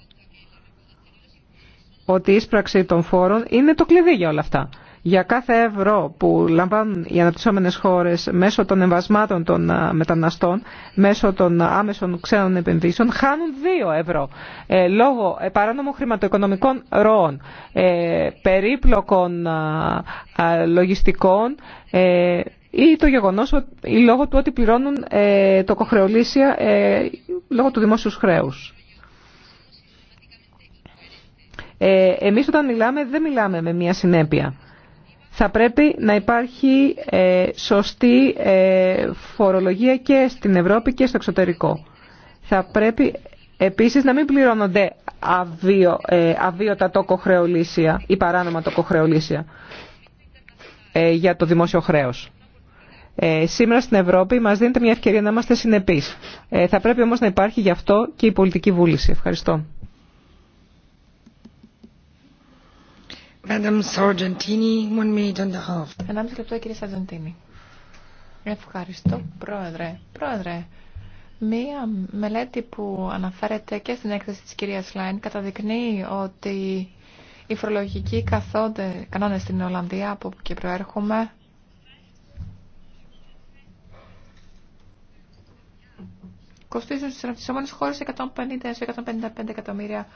ότι η ίσπραξη των φόρων είναι το κλειδί για όλα αυτά. Για κάθε ευρώ που λαμβάνουν οι αναπτυσσόμενες χώρες μέσω των εμβασμάτων των μεταναστών, μέσω των άμεσων ξένων επενδύσεων, χάνουν δύο ευρώ ε, λόγω ε, παράνομων χρηματοοικονομικών ροών, ε, περίπλοκων λογιστικών, ή το γεγονός ή λόγω του ότι πληρώνουν ε, ε, λόγω του δημόσιου χρέους. Ε, εμείς όταν μιλάμε δεν μιλάμε με μια συνέπεια. Θα πρέπει να υπάρχει ε, σωστή ε, φορολογία και στην Ευρώπη και στο εξωτερικό. Θα πρέπει επίσης να μην πληρώνονται αβίω, αβίωτα τοκοχρεωλήσια ή παράνομα ε, για το δημόσιο χρέος. Ε, σήμερα στην Ευρώπη μας δίνεται μια ευκαιρία να είμαστε συνεπείς. Ε, θα πρέπει όμως να υπάρχει γι' αυτό και η πολιτική βούληση. Ευχαριστώ. Ευχαριστώ, Πρόεδρε. Πρόεδρε, μία μελέτη που αναφέρεται και στην έκθεση της κυρίας Λάιν καταδεικνύει ότι οι φορολογικοί καθόντε, κανόνες στην Ολλανδία από που και προέρχομαι κοστίζουν στις αναπτυσσόμενες χώρες 150-155 εκατομμύρια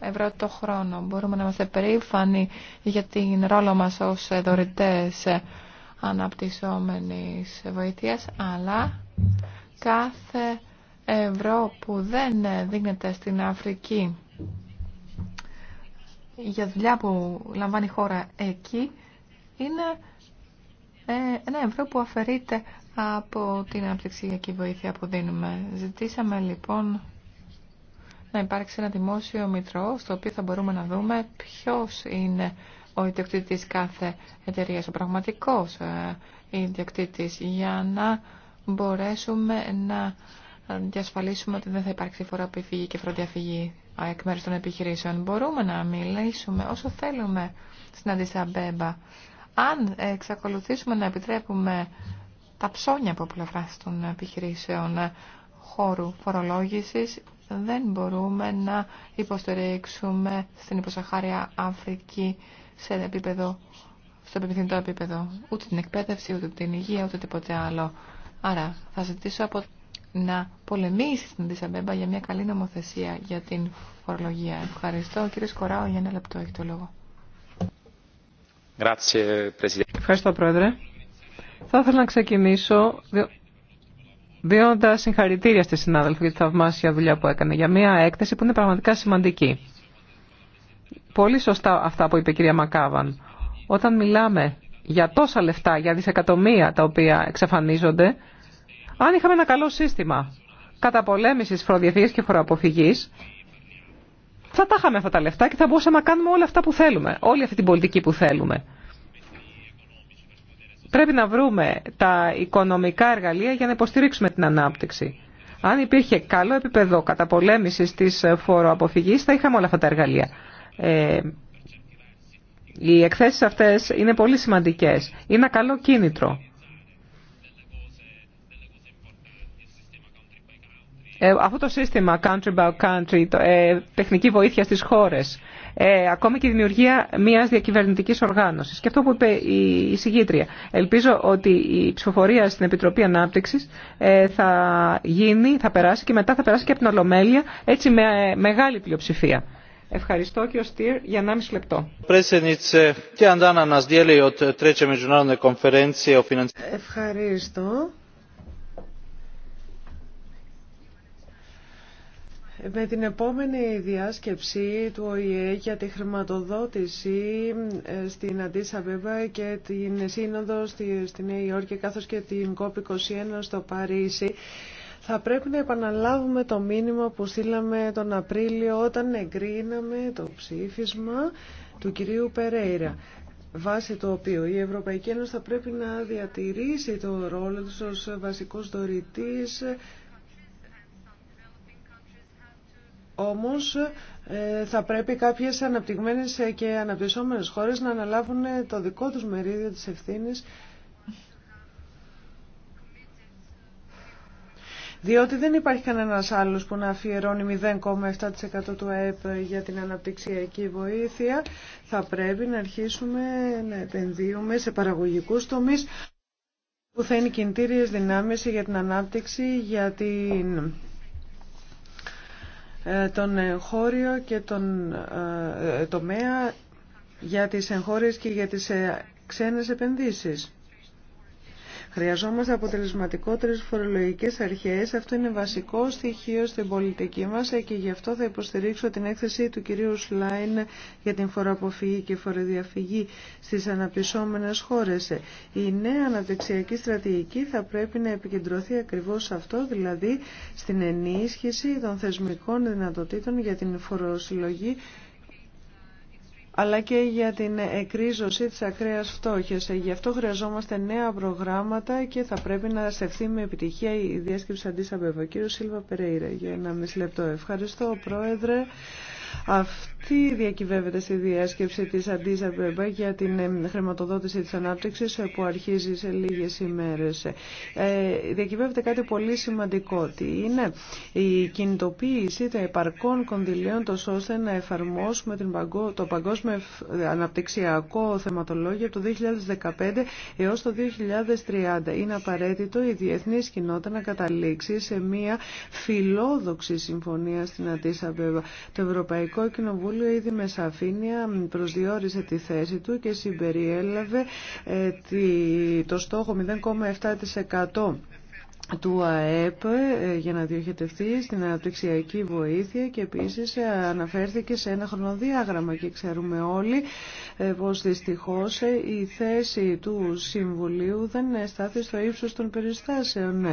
ευρώ το χρόνο. Μπορούμε να είμαστε περήφανοι για την ρόλο μας ως δωρητές αναπτυσσόμενης βοήθειας, αλλά κάθε ευρώ που δεν δίνεται στην Αφρική για δουλειά που λαμβάνει η χώρα εκεί είναι ε, ένα ευρώ που αφαιρείται από την αναπτυξιακή βοήθεια που δίνουμε. Ζητήσαμε λοιπόν να υπάρξει ένα δημόσιο μητρό στο οποίο θα μπορούμε να δούμε ποιος είναι ο ιδιοκτήτης κάθε εταιρείας, ο πραγματικός ε, ιδιοκτήτης, για να μπορέσουμε να διασφαλίσουμε ότι δεν θα υπάρξει φορά που φύγει και φροντιαφυγή εκ μέρους των επιχειρήσεων. Μπορούμε να μιλήσουμε όσο θέλουμε στην Αντισαμπέμπα. Αν εξακολουθήσουμε να επιτρέπουμε τα ψώνια από πλευρά των επιχειρήσεων χώρου φορολόγησης δεν μπορούμε να υποστηρίξουμε στην υποσαχάρια Αφρική σε επίπεδο, στο επιθυμητό επίπεδο ούτε την εκπαίδευση, ούτε την υγεία, ούτε τίποτε άλλο. Άρα θα ζητήσω από να πολεμήσει την Αντισαμπέμπα για μια καλή νομοθεσία για την φορολογία. Ευχαριστώ. Κύριε Σκοράου, για ένα λεπτό έχει το λόγο. Ευχαριστώ, Πρόεδρε. Θα ήθελα να ξεκινήσω δίνοντα συγχαρητήρια στη συνάδελφη για τη θαυμάσια δουλειά που έκανε για μια έκθεση που είναι πραγματικά σημαντική. Πολύ σωστά αυτά που είπε η κυρία Μακάβαν. Όταν μιλάμε για τόσα λεφτά, για δισεκατομμύρια τα οποία εξαφανίζονται, αν είχαμε ένα καλό σύστημα καταπολέμησης φοροδιαφυγή και φοροαποφυγή, θα τα είχαμε αυτά τα λεφτά και θα μπορούσαμε να κάνουμε όλα αυτά που θέλουμε, όλη αυτή την πολιτική που θέλουμε. Πρέπει να βρούμε τα οικονομικά εργαλεία για να υποστηρίξουμε την ανάπτυξη. Αν υπήρχε καλό επίπεδο καταπολέμησης της φοροαποφυγής θα είχαμε όλα αυτά τα εργαλεία. Ε, οι εκθέσει αυτέ είναι πολύ σημαντικές. Είναι ένα καλό κίνητρο. Ε, αυτό το σύστημα country by country, ε, τεχνική βοήθεια στις χώρες, ε, ακόμη και η δημιουργία μιας διακυβερνητικής οργάνωσης. Και αυτό που είπε η συγγήτρια. Ελπίζω ότι η ψηφοφορία στην Επιτροπή Ανάπτυξης ε, θα γίνει, θα περάσει και μετά θα περάσει και από την Ολομέλεια, έτσι με ε, μεγάλη πλειοψηφία. Ευχαριστώ ο Στυρ για 1,5 λεπτό. Ευχαριστώ. Με την επόμενη διάσκεψη του ΟΗΕ για τη χρηματοδότηση ε, στην Αντίσα και την σύνοδο στη, Νέα Υόρκη καθώς και την COP21 στο Παρίσι θα πρέπει να επαναλάβουμε το μήνυμα που στείλαμε τον Απρίλιο όταν εγκρίναμε το ψήφισμα του κυρίου Περέιρα βάσει του οποίου η Ευρωπαϊκή Ένωση θα πρέπει να διατηρήσει το ρόλο της ως βασικός δωρητής Όμως ε, θα πρέπει κάποιες αναπτυγμένες και αναπτυσσόμενες χώρες να αναλάβουν το δικό τους μερίδιο της ευθύνης διότι δεν υπάρχει κανένας άλλος που να αφιερώνει 0,7% του ΑΕΠ για την αναπτυξιακή βοήθεια. Θα πρέπει να αρχίσουμε να επενδύουμε σε παραγωγικούς τομείς που θα είναι κινητήριες δυνάμεις για την ανάπτυξη, για την ε, τον εγχώριο και τον ε, ε, τομέα για τις εγχώριες και για τις ξένες επενδύσεις. Χρειαζόμαστε αποτελεσματικότερες φορολογικές αρχές. Αυτό είναι βασικό στοιχείο στην πολιτική μας ε, και γι' αυτό θα υποστηρίξω την έκθεση του κυρίου Σλάιν για την φοροαποφυγή και φοροδιαφυγή στις αναπτυσσόμενες χώρες. Η νέα αναπτυξιακή στρατηγική θα πρέπει να επικεντρωθεί ακριβώς σε αυτό, δηλαδή στην ενίσχυση των θεσμικών δυνατοτήτων για την φοροσυλλογή αλλά και για την εκρίζωση της ακραίας φτώχειας. Γι' αυτό χρειαζόμαστε νέα προγράμματα και θα πρέπει να στεφθεί με επιτυχία η διάσκεψη Αντίσα Κύριο Σίλβα Περέιρα, για ένα μισή λεπτό. Ευχαριστώ, Πρόεδρε. Αυτή διακυβεύεται στη διάσκεψη της Αντίσα Μπέμπα για την ε, χρηματοδότηση της ανάπτυξης ε, που αρχίζει σε λίγες ημέρες. Ε, διακυβεύεται κάτι πολύ σημαντικό, ότι είναι η κινητοποίηση των επαρκών κονδυλίων ώστε να εφαρμόσουμε την το παγκόσμιο με ε, αναπτυξιακό θεματολόγιο από το 2015 έως το 2030. Είναι απαραίτητο η διεθνής κοινότητα να καταλήξει σε μια φιλόδοξη συμφωνία στην Αντίσα Το Ευρωπαϊκό Κοινοβούλιο ήδη με σαφήνεια προσδιορίσε τη θέση του και συμπεριέλαβε ε, το στόχο 0,7% του ΑΕΠ ε, για να διοχετευτεί στην αναπτυξιακή βοήθεια και επίσης ε, αναφέρθηκε σε ένα χρονοδιάγραμμα και ξέρουμε όλοι ε, πως δυστυχώς η θέση του Συμβουλίου δεν στάθη στο ύψος των περιστάσεων.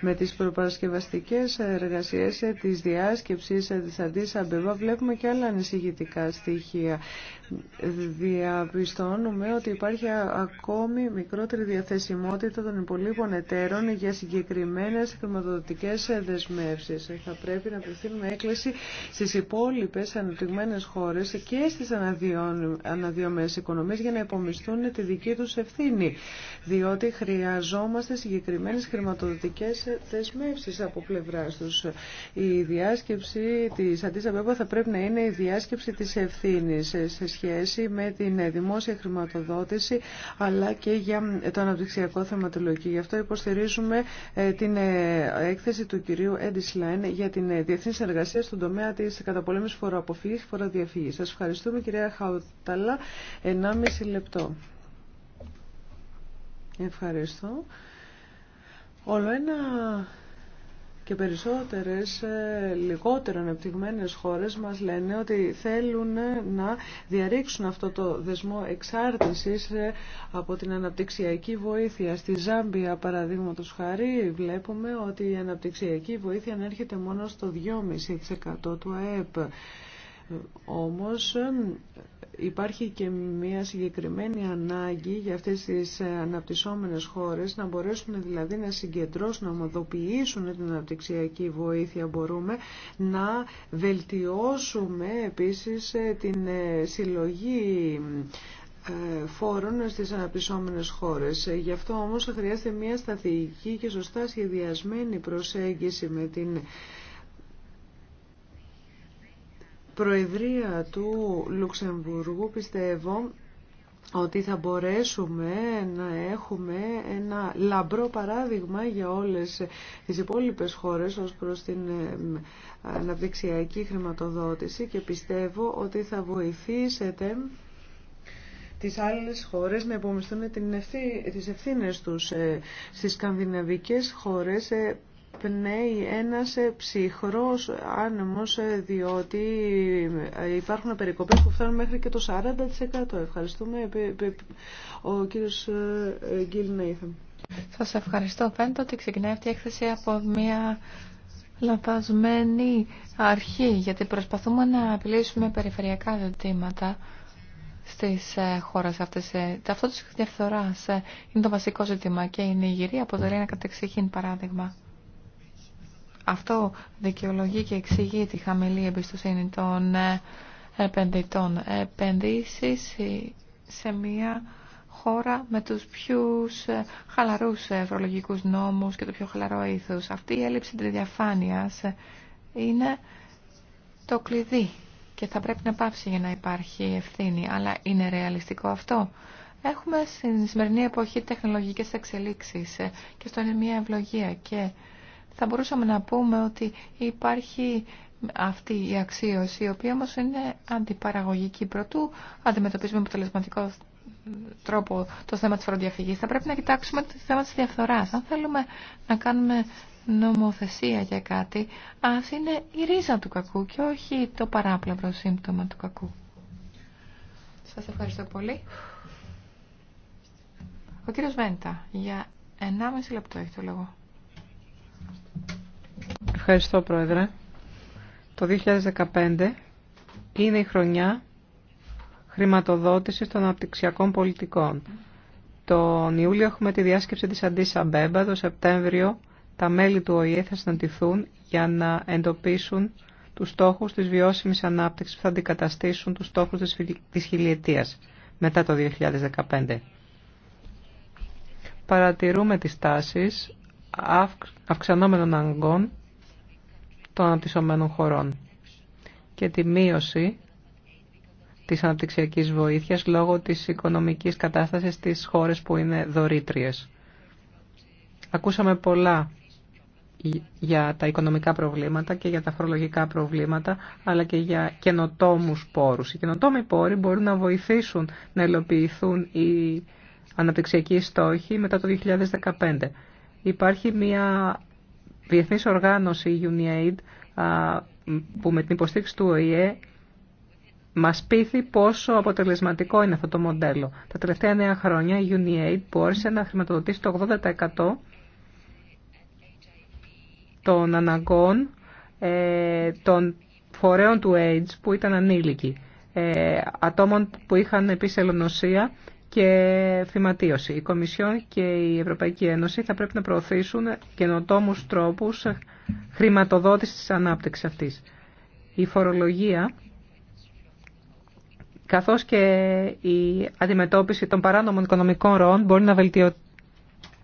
Με τις προπαρασκευαστικές εργασίες της διάσκεψης της Αντίσα βλέπουμε και άλλα ανησυχητικά στοιχεία. Διαπιστώνουμε ότι υπάρχει ακόμη μικρότερη διαθεσιμότητα των υπολείπων εταίρων για συγκεκριμένες χρηματοδοτικές δεσμεύσεις. Θα πρέπει να απευθύνουμε έκκληση στις υπόλοιπες αναπτυγμένες χώρες και στις αναδυόμενες οικονομίες για να υπομισθούν τη δική τους ευθύνη. Διότι χρειαζόμαστε συγκεκριμένες χρηματοδοτικές δεσμεύσεις από πλευρά τους. Η διάσκεψη της Αντίσα θα πρέπει να είναι η διάσκεψη της ευθύνη σε σχέση με την δημόσια χρηματοδότηση αλλά και για το αναπτυξιακό θεματολογικό. Γι' αυτό υποστηρίζουμε ε, ε, την ε, έκθεση του κυρίου Σλάιν για την ε, διεθνή συνεργασία στον τομέα της καταπολέμησης φοροαποφυγής και φοροδιαφυγής. Σας ευχαριστούμε κυρία Χαουταλά. 1,5 λεπτό. Ευχαριστώ. Όλο ένα και περισσότερες ε, λιγότερο ανεπτυγμένες χώρες μας λένε ότι θέλουν να διαρρήξουν αυτό το δεσμό εξάρτησης ε, από την αναπτυξιακή βοήθεια. Στη Ζάμπια παραδείγματος χάρη βλέπουμε ότι η αναπτυξιακή βοήθεια ανέρχεται μόνο στο 2,5% του ΑΕΠ. Ε, όμως Υπάρχει και μια συγκεκριμένη ανάγκη για αυτές τις ε, αναπτυσσόμενες χώρες να μπορέσουν δηλαδή να συγκεντρώσουν, να ομοδοποιήσουν την αναπτυξιακή βοήθεια. Μπορούμε να βελτιώσουμε επίσης ε, την ε, συλλογή φόρων στις αναπτυσσόμενες χώρες. Γι' αυτό όμως χρειάζεται μια σταθερική και σωστά σχεδιασμένη προσέγγιση με την Προεδρία του Λουξεμβούργου πιστεύω ότι θα μπορέσουμε να έχουμε ένα λαμπρό παράδειγμα για όλες τις υπόλοιπες χώρες ως προς την ε, αναπτυξιακή χρηματοδότηση και πιστεύω ότι θα βοηθήσετε τις άλλες χώρες να υπομισθούν τις ευθύνες τους. Ε, στις σκανδιναβικές χώρες ε, πνέει ένας ψυχρός άνεμος διότι υπάρχουν περικοπές που φτάνουν μέχρι και το 40%. Ευχαριστούμε. Ο κύριος ε, ε, Γκίλ Νέιθεν. Σας ευχαριστώ. Φαίνεται ότι ξεκινάει αυτή η έκθεση από μια λανθασμένη αρχή γιατί προσπαθούμε να απειλήσουμε περιφερειακά ζητήματα στις ε, χώρες αυτές. Αυτό της διαφθοράς είναι το βασικό ζήτημα και η Νιγηρία αποτελεί ένα κατεξήχην παράδειγμα. Αυτό δικαιολογεί και εξηγεί τη χαμηλή εμπιστοσύνη των ε, επενδυτών. Επενδύσεις σε μια χώρα με τους πιο ε, χαλαρούς ευρωλογικούς νόμους και το πιο χαλαρό ήθος. Αυτή η έλλειψη της διαφάνειας ε, είναι το κλειδί και θα πρέπει να πάψει για να υπάρχει ευθύνη. Αλλά είναι ρεαλιστικό αυτό. Έχουμε στην σημερινή εποχή τεχνολογικές εξελίξεις και αυτό είναι μια ευλογία και θα μπορούσαμε να πούμε ότι υπάρχει αυτή η αξίωση, η οποία όμως είναι αντιπαραγωγική. Πρωτού αντιμετωπίζουμε αποτελεσματικό τρόπο το θέμα της φοροδιαφυγής. Θα πρέπει να κοιτάξουμε το θέμα της διαφθοράς. Αν θέλουμε να κάνουμε νομοθεσία για κάτι, ας είναι η ρίζα του κακού και όχι το παράπλευρο σύμπτωμα του κακού. Σας ευχαριστώ πολύ. Ο κύριος Βέντα, για 1,5 λεπτό έχει το λόγο. Ευχαριστώ, Πρόεδρε. Το 2015 είναι η χρονιά χρηματοδότησης των αναπτυξιακών πολιτικών. Τον Ιούλιο έχουμε τη διάσκεψη της Αντίσα Μπέμπα, το Σεπτέμβριο τα μέλη του ΟΗΕ θα συναντηθούν για να εντοπίσουν τους στόχους της βιώσιμης ανάπτυξης που θα αντικαταστήσουν τους στόχους της χιλιετίας μετά το 2015. Παρατηρούμε τις τάσεις αυξανόμενων αγκών των αναπτυσσομένων χωρών και τη μείωση της αναπτυξιακής βοήθειας λόγω της οικονομικής κατάστασης στις χώρες που είναι δωρήτριες. Ακούσαμε πολλά για τα οικονομικά προβλήματα και για τα φορολογικά προβλήματα, αλλά και για καινοτόμους πόρους. Οι καινοτόμοι πόροι μπορούν να βοηθήσουν να υλοποιηθούν οι αναπτυξιακοί στόχοι μετά το 2015. Υπάρχει μια διεθνής οργάνωση UNIAID που με την υποστήριξη του ΟΗΕ μας πείθει πόσο αποτελεσματικό είναι αυτό το μοντέλο. Τα τελευταία νέα χρόνια η UNIAID μπόρεσε να χρηματοδοτήσει το 80% των αναγκών ε, των φορέων του AIDS που ήταν ανήλικοι, ε, ατόμων που είχαν επίσης ελονοσία και θυματίωση. Η Κομισιόν και η Ευρωπαϊκή Ένωση θα πρέπει να προωθήσουν καινοτόμους τρόπους χρηματοδότησης της ανάπτυξης αυτής. Η φορολογία καθώς και η αντιμετώπιση των παράνομων οικονομικών ροών μπορεί να, βελτιω...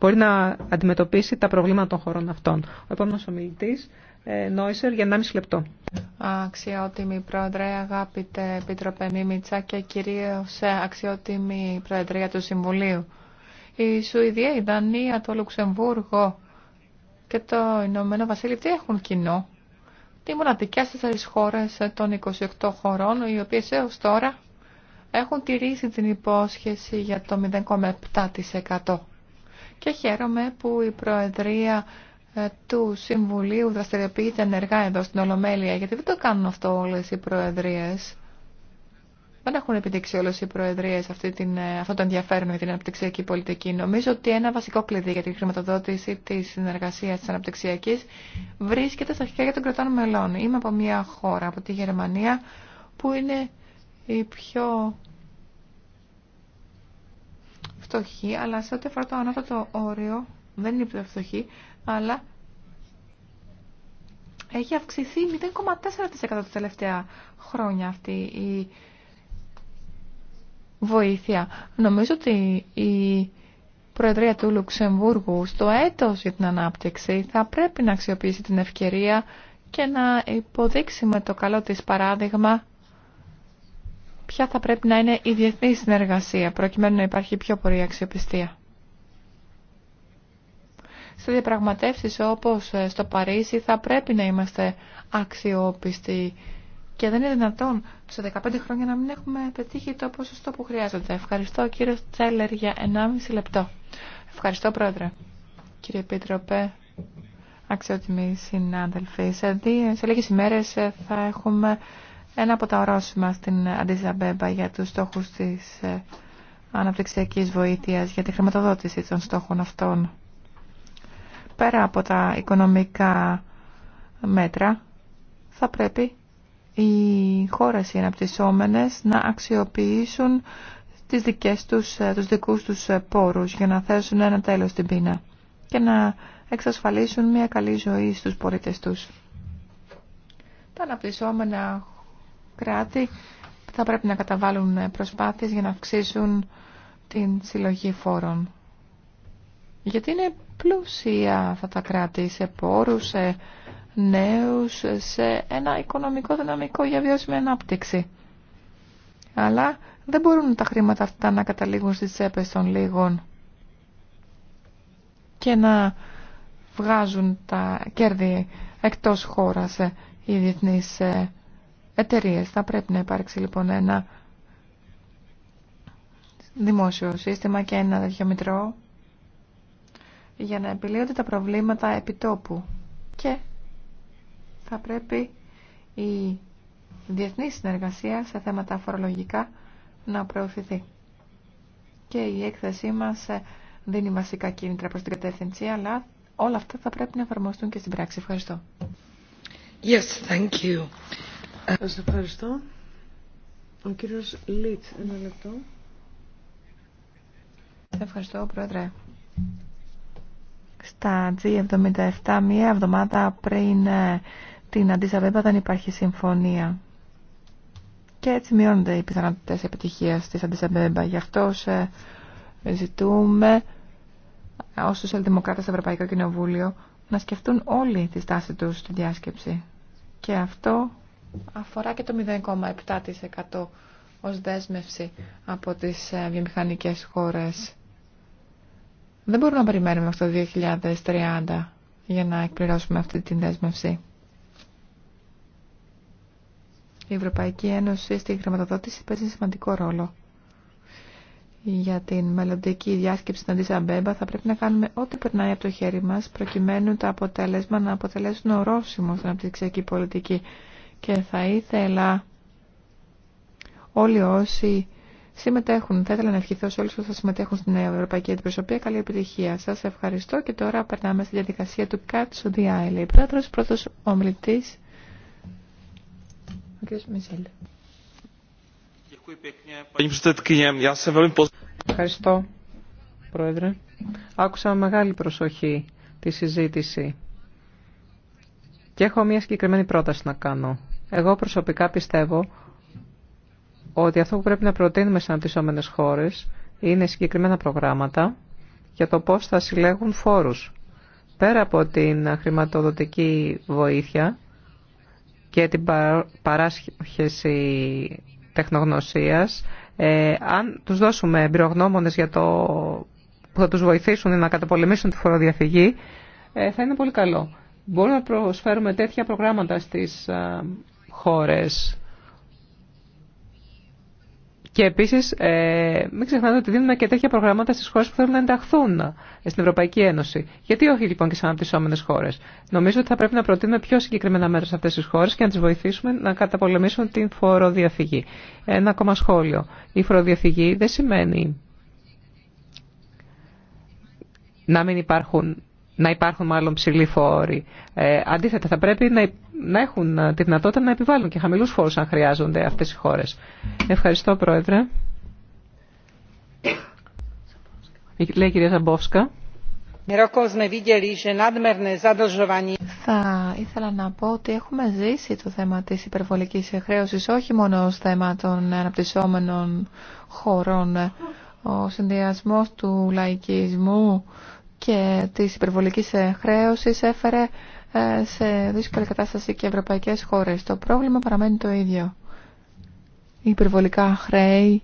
μπορεί να αντιμετωπίσει τα προβλήματα των χωρών αυτών. Ο επόμενος ομιλητής ε, Νόισερ για 1,5 λεπτό. Αξιότιμη Πρόεδρε, αγάπητε Επίτροπε Μίμητσα και κυρίως ε, αξιότιμη Προεδρία του Συμβουλίου. Η Σουηδία, η Δανία, το Λουξεμβούργο και το Ηνωμένο Βασίλειο τι έχουν κοινό. Τι μοναδικές τέσσερις χώρες των 28 χωρών, οι οποίες έως τώρα έχουν τηρήσει την υπόσχεση για το 0,7%. Και χαίρομαι που η Προεδρία ε, του Συμβουλίου δραστηριοποιείται ενεργά εδώ στην Ολομέλεια, γιατί δεν το κάνουν αυτό όλες οι προεδρίες. Δεν έχουν επιδείξει όλες οι προεδρίες αυτή την, ε, αυτό το ενδιαφέρον για την αναπτυξιακή πολιτική. Νομίζω ότι ένα βασικό κλειδί για τη χρηματοδότηση της συνεργασίας της αναπτυξιακής βρίσκεται στα αρχικά για τον κρατών μελών. Είμαι από μια χώρα, από τη Γερμανία, που είναι η πιο φτωχή, αλλά σε ό,τι αφορά το ανώτατο όριο, δεν είναι η πιο φτωχή, αλλά έχει αυξηθεί 0,4% τα τελευταία χρόνια αυτή η βοήθεια. Νομίζω ότι η Προεδρία του Λουξεμβούργου στο έτος για την ανάπτυξη θα πρέπει να αξιοποιήσει την ευκαιρία και να υποδείξει με το καλό της παράδειγμα ποια θα πρέπει να είναι η διεθνή συνεργασία προκειμένου να υπάρχει πιο πορεία αξιοπιστία σε διαπραγματεύσεις όπως ε, στο Παρίσι θα πρέπει να είμαστε αξιόπιστοι και δεν είναι δυνατόν σε 15 χρόνια να μην έχουμε πετύχει το ποσοστό που χρειάζεται. Ευχαριστώ κύριο Τσέλερ για 1,5 λεπτό. Ευχαριστώ πρόεδρε. Κύριε Επίτροπε, αξιότιμοι συνάδελφοι, σε, δύο, σε λίγες ημέρες ε, θα έχουμε ένα από τα ορόσημα στην Αντιζαμπέμπα για τους στόχους της ε, αναπτυξιακής βοήθειας για τη χρηματοδότηση των στόχων αυτών πέρα από τα οικονομικά μέτρα θα πρέπει οι χώρες οι αναπτυσσόμενες να αξιοποιήσουν τις δικές τους, τους δικούς τους πόρους για να θέσουν ένα τέλος στην πείνα και να εξασφαλίσουν μια καλή ζωή στους πολίτες τους. Τα αναπτυσσόμενα κράτη θα πρέπει να καταβάλουν προσπάθειες για να αυξήσουν την συλλογή φόρων. Γιατί είναι πλούσια θα τα κράτη σε πόρους, σε νέους, σε ένα οικονομικό δυναμικό για βιώσιμη ανάπτυξη. Αλλά δεν μπορούν τα χρήματα αυτά να καταλήγουν στις τσέπες των λίγων και να βγάζουν τα κέρδη εκτός χώρας ε, οι διεθνείς ε, εταιρείες. Θα πρέπει να υπάρξει λοιπόν ένα δημόσιο σύστημα και ένα τέτοιο για να επιλύονται τα προβλήματα επιτόπου. Και θα πρέπει η διεθνή συνεργασία σε θέματα φορολογικά να προωθηθεί. Και η έκθεσή μας ε, δίνει βασικά κίνητρα προς την κατεύθυνση, αλλά όλα αυτά θα πρέπει να εφαρμοστούν και στην πράξη. Ευχαριστώ. Yes, thank you. Σας ευχαριστώ. Ο κύριος Λίτς, ένα λεπτό. Ευχαριστώ, Πρόεδρε στα G77 μία εβδομάδα πριν ε, την Αντισαβέμπα δεν υπάρχει συμφωνία. Και έτσι μειώνονται οι πιθανότητες επιτυχίας της Αντισαβέμπα. Γι' αυτό σε ζητούμε ως σοσιαλδημοκράτες στο Ευρωπαϊκό Κοινοβούλιο να σκεφτούν όλοι τη στάση τους στη διάσκεψη. Και αυτό αφορά και το 0,7% ως δέσμευση από τις ε, βιομηχανικές χώρες. Δεν μπορούμε να περιμένουμε αυτό το 2030 για να εκπληρώσουμε αυτή την δέσμευση. Η Ευρωπαϊκή Ένωση στη χρηματοδότηση παίζει σημαντικό ρόλο. Για την μελλοντική διάσκεψη στην Αντίσα θα πρέπει να κάνουμε ό,τι περνάει από το χέρι μας προκειμένου τα αποτέλεσμα να αποτελέσουν ορόσημο στην αναπτυξιακή πολιτική. Και θα ήθελα όλοι όσοι συμμετέχουν. Θα ήθελα να ευχηθώ σε όλους θα συμμετέχουν στην Ευρωπαϊκή Αντιπροσωπεία. Καλή επιτυχία. Σας ευχαριστώ και τώρα περνάμε στη διαδικασία του Catch the Eye. πρόεδρος, πρώτος ομιλητής, ο κ. Μισελ. Ευχαριστώ, Πρόεδρε. Άκουσα μεγάλη προσοχή τη συζήτηση και έχω μια συγκεκριμένη πρόταση να κάνω. Εγώ προσωπικά πιστεύω ότι αυτό που πρέπει να προτείνουμε στις αναπτυσσόμενες χώρες είναι συγκεκριμένα προγράμματα για το πώς θα συλλέγουν φόρους. Πέρα από την χρηματοδοτική βοήθεια και την παράσχεση τεχνογνωσίας, ε, αν τους δώσουμε εμπειρογνώμονες για το, που θα τους βοηθήσουν να καταπολεμήσουν τη φοροδιαφυγή, ε, θα είναι πολύ καλό. Μπορούμε να προσφέρουμε τέτοια προγράμματα στις ε, χώρες και επίση, ε, μην ξεχνάτε ότι δίνουμε και τέτοια προγράμματα στι χώρε που θέλουν να ενταχθούν στην Ευρωπαϊκή Ένωση. Γιατί όχι λοιπόν και στι αναπτυσσόμενε χώρε. Νομίζω ότι θα πρέπει να προτείνουμε πιο συγκεκριμένα μέτρα σε αυτέ τι χώρε και να τι βοηθήσουμε να καταπολεμήσουν την φοροδιαφυγή. Ένα ακόμα σχόλιο. Η φοροδιαφυγή δεν σημαίνει να μην υπάρχουν να υπάρχουν μάλλον ψηλοί φόροι. Ε, αντίθετα, θα πρέπει να, έχουν τη δυνατότητα να επιβάλλουν και χαμηλού φόρου αν χρειάζονται αυτέ οι χώρε. Ευχαριστώ, Πρόεδρε. Λέει η κυρία Ζαμπόφσκα. Θα ήθελα να πω ότι έχουμε ζήσει το θέμα της υπερβολικής χρέωση, όχι μόνο ως θέμα των αναπτυσσόμενων χωρών. Ο συνδυασμός του λαϊκισμού και της υπερβολικής ε, χρέωσης έφερε ε, σε δύσκολη κατάσταση και ευρωπαϊκές χώρες. Το πρόβλημα παραμένει το ίδιο. υπερβολικά χρέη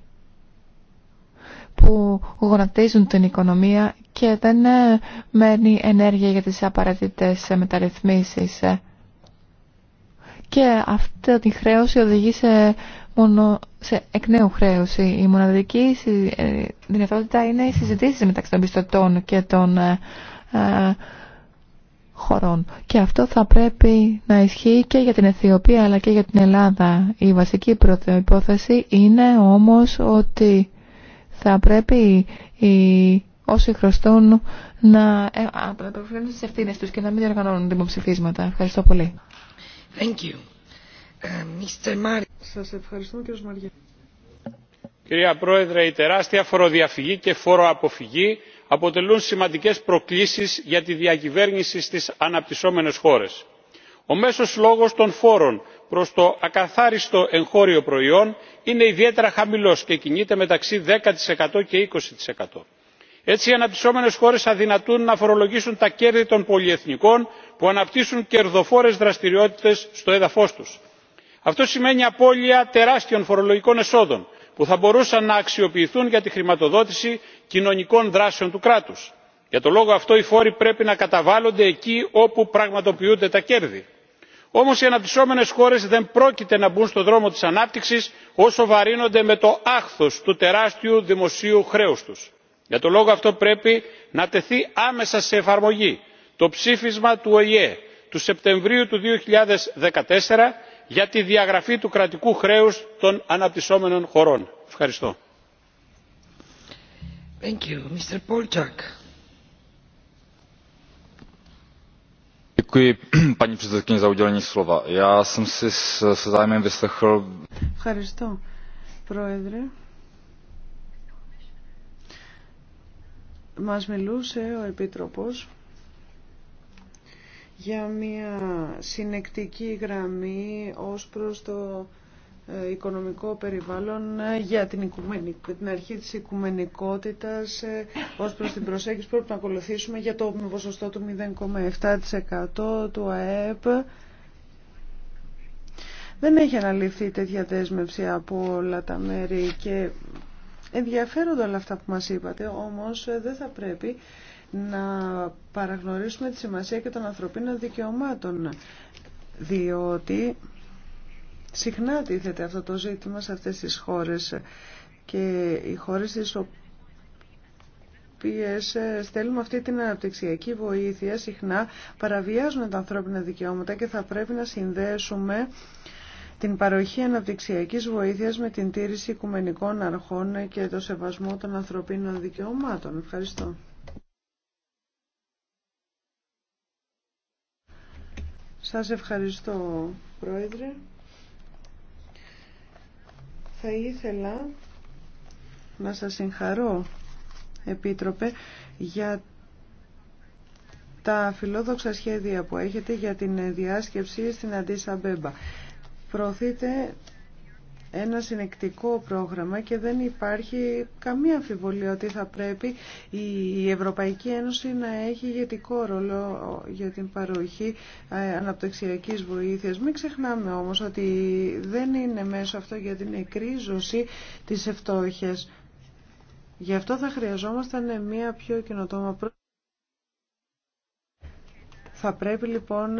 που γονατίζουν την οικονομία και δεν ε, μένει ενέργεια για τις απαραίτητες μεταρρυθμίσεις. Και αυτή τη χρέωση οδηγεί σε μόνο σε εκ νέου χρέωση. Η μοναδική ε, δυνατότητα είναι οι συζητήσει μεταξύ των πιστωτών και των ε, ε, χωρών. Και αυτό θα πρέπει να ισχύει και για την Αιθιοπία αλλά και για την Ελλάδα. Η βασική προϋπόθεση είναι όμως ότι θα πρέπει οι όσοι χρωστούν να προφέρουν τις ευθύνες τους και να μην διοργανώνουν δημοψηφίσματα. Ευχαριστώ πολύ. Thank you. Κυρία Πρόεδρε, η τεράστια φοροδιαφυγή και φοροαποφυγή αποτελούν σημαντικές προκλήσεις για τη διακυβέρνηση στις αναπτυσσόμενες χώρες. Ο μέσος λόγος των φόρων προς το ακαθάριστο εγχώριο προϊόν είναι ιδιαίτερα χαμηλός και κινείται μεταξύ 10% και 20%. Έτσι, οι αναπτυσσόμενες χώρες αδυνατούν να φορολογήσουν τα κέρδη των πολυεθνικών που αναπτύσσουν κερδοφόρες δραστηριότητες στο έδαφος τους αυτό σημαίνει απώλεια τεράστιων φορολογικών εσόδων που θα μπορούσαν να αξιοποιηθούν για τη χρηματοδότηση κοινωνικών δράσεων του κράτους. για το λόγο αυτό οι φόροι πρέπει να καταβάλλονται εκεί όπου πραγματοποιούνται τα κέρδη. όμως οι αναπτυσσόμενες χώρες δεν πρόκειται να μπουν στον δρόμο της ανάπτυξης όσο βαρύνονται με το άχθος του τεράστιου δημοσίου χρέους τους. για το λόγο αυτό πρέπει να τεθεί άμεσα σε εφαρμογή το ψήφισμα του οηε του σεπτεμβρίου του 2014 για τη διαγραφή του κρατικού χρέους των αναπτυσσόμενων χωρών. Ευχαριστώ. Thank you. Mr. Ευχαριστώ, Πρόεδρε. Μας μιλούσε ο Επίτροπος για μια συνεκτική γραμμή ως προς το ε, οικονομικό περιβάλλον ε, για την, την αρχή της οικουμενικότητας ε, ως προς την προσέγγιση που πρέπει να ακολουθήσουμε για το ποσοστό του 0,7% του ΑΕΠ. Δεν έχει αναλυθεί τέτοια δέσμευση από όλα τα μέρη και ενδιαφέρονται όλα αυτά που μας είπατε, όμως δεν θα πρέπει να παραγνωρίσουμε τη σημασία και των ανθρωπίνων δικαιωμάτων, διότι συχνά τίθεται αυτό το ζήτημα σε αυτές τις χώρες και οι χώρες τις οποίες στέλνουμε αυτή την αναπτυξιακή βοήθεια συχνά παραβιάζουν τα ανθρώπινα δικαιώματα και θα πρέπει να συνδέσουμε την παροχή αναπτυξιακής βοήθειας με την τήρηση οικουμενικών αρχών και το σεβασμό των ανθρωπίνων δικαιωμάτων. Ευχαριστώ. Σας ευχαριστώ, Πρόεδρε. Θα ήθελα να σας συγχαρώ, Επίτροπε, για τα φιλόδοξα σχέδια που έχετε για την διάσκεψη στην Αντίσα Μπέμπα. Προωθείτε ένα συνεκτικό πρόγραμμα και δεν υπάρχει καμία αμφιβολία ότι θα πρέπει η Ευρωπαϊκή Ένωση να έχει ηγετικό ρόλο για την παροχή ε, αναπτυξιακής βοήθειας. Μην ξεχνάμε όμως ότι δεν είναι μέσω αυτό για την εκρίζωση της ευτόχειας. Γι' αυτό θα χρειαζόμασταν μια πιο κοινοτόμα πρόγραμμα. Θα πρέπει λοιπόν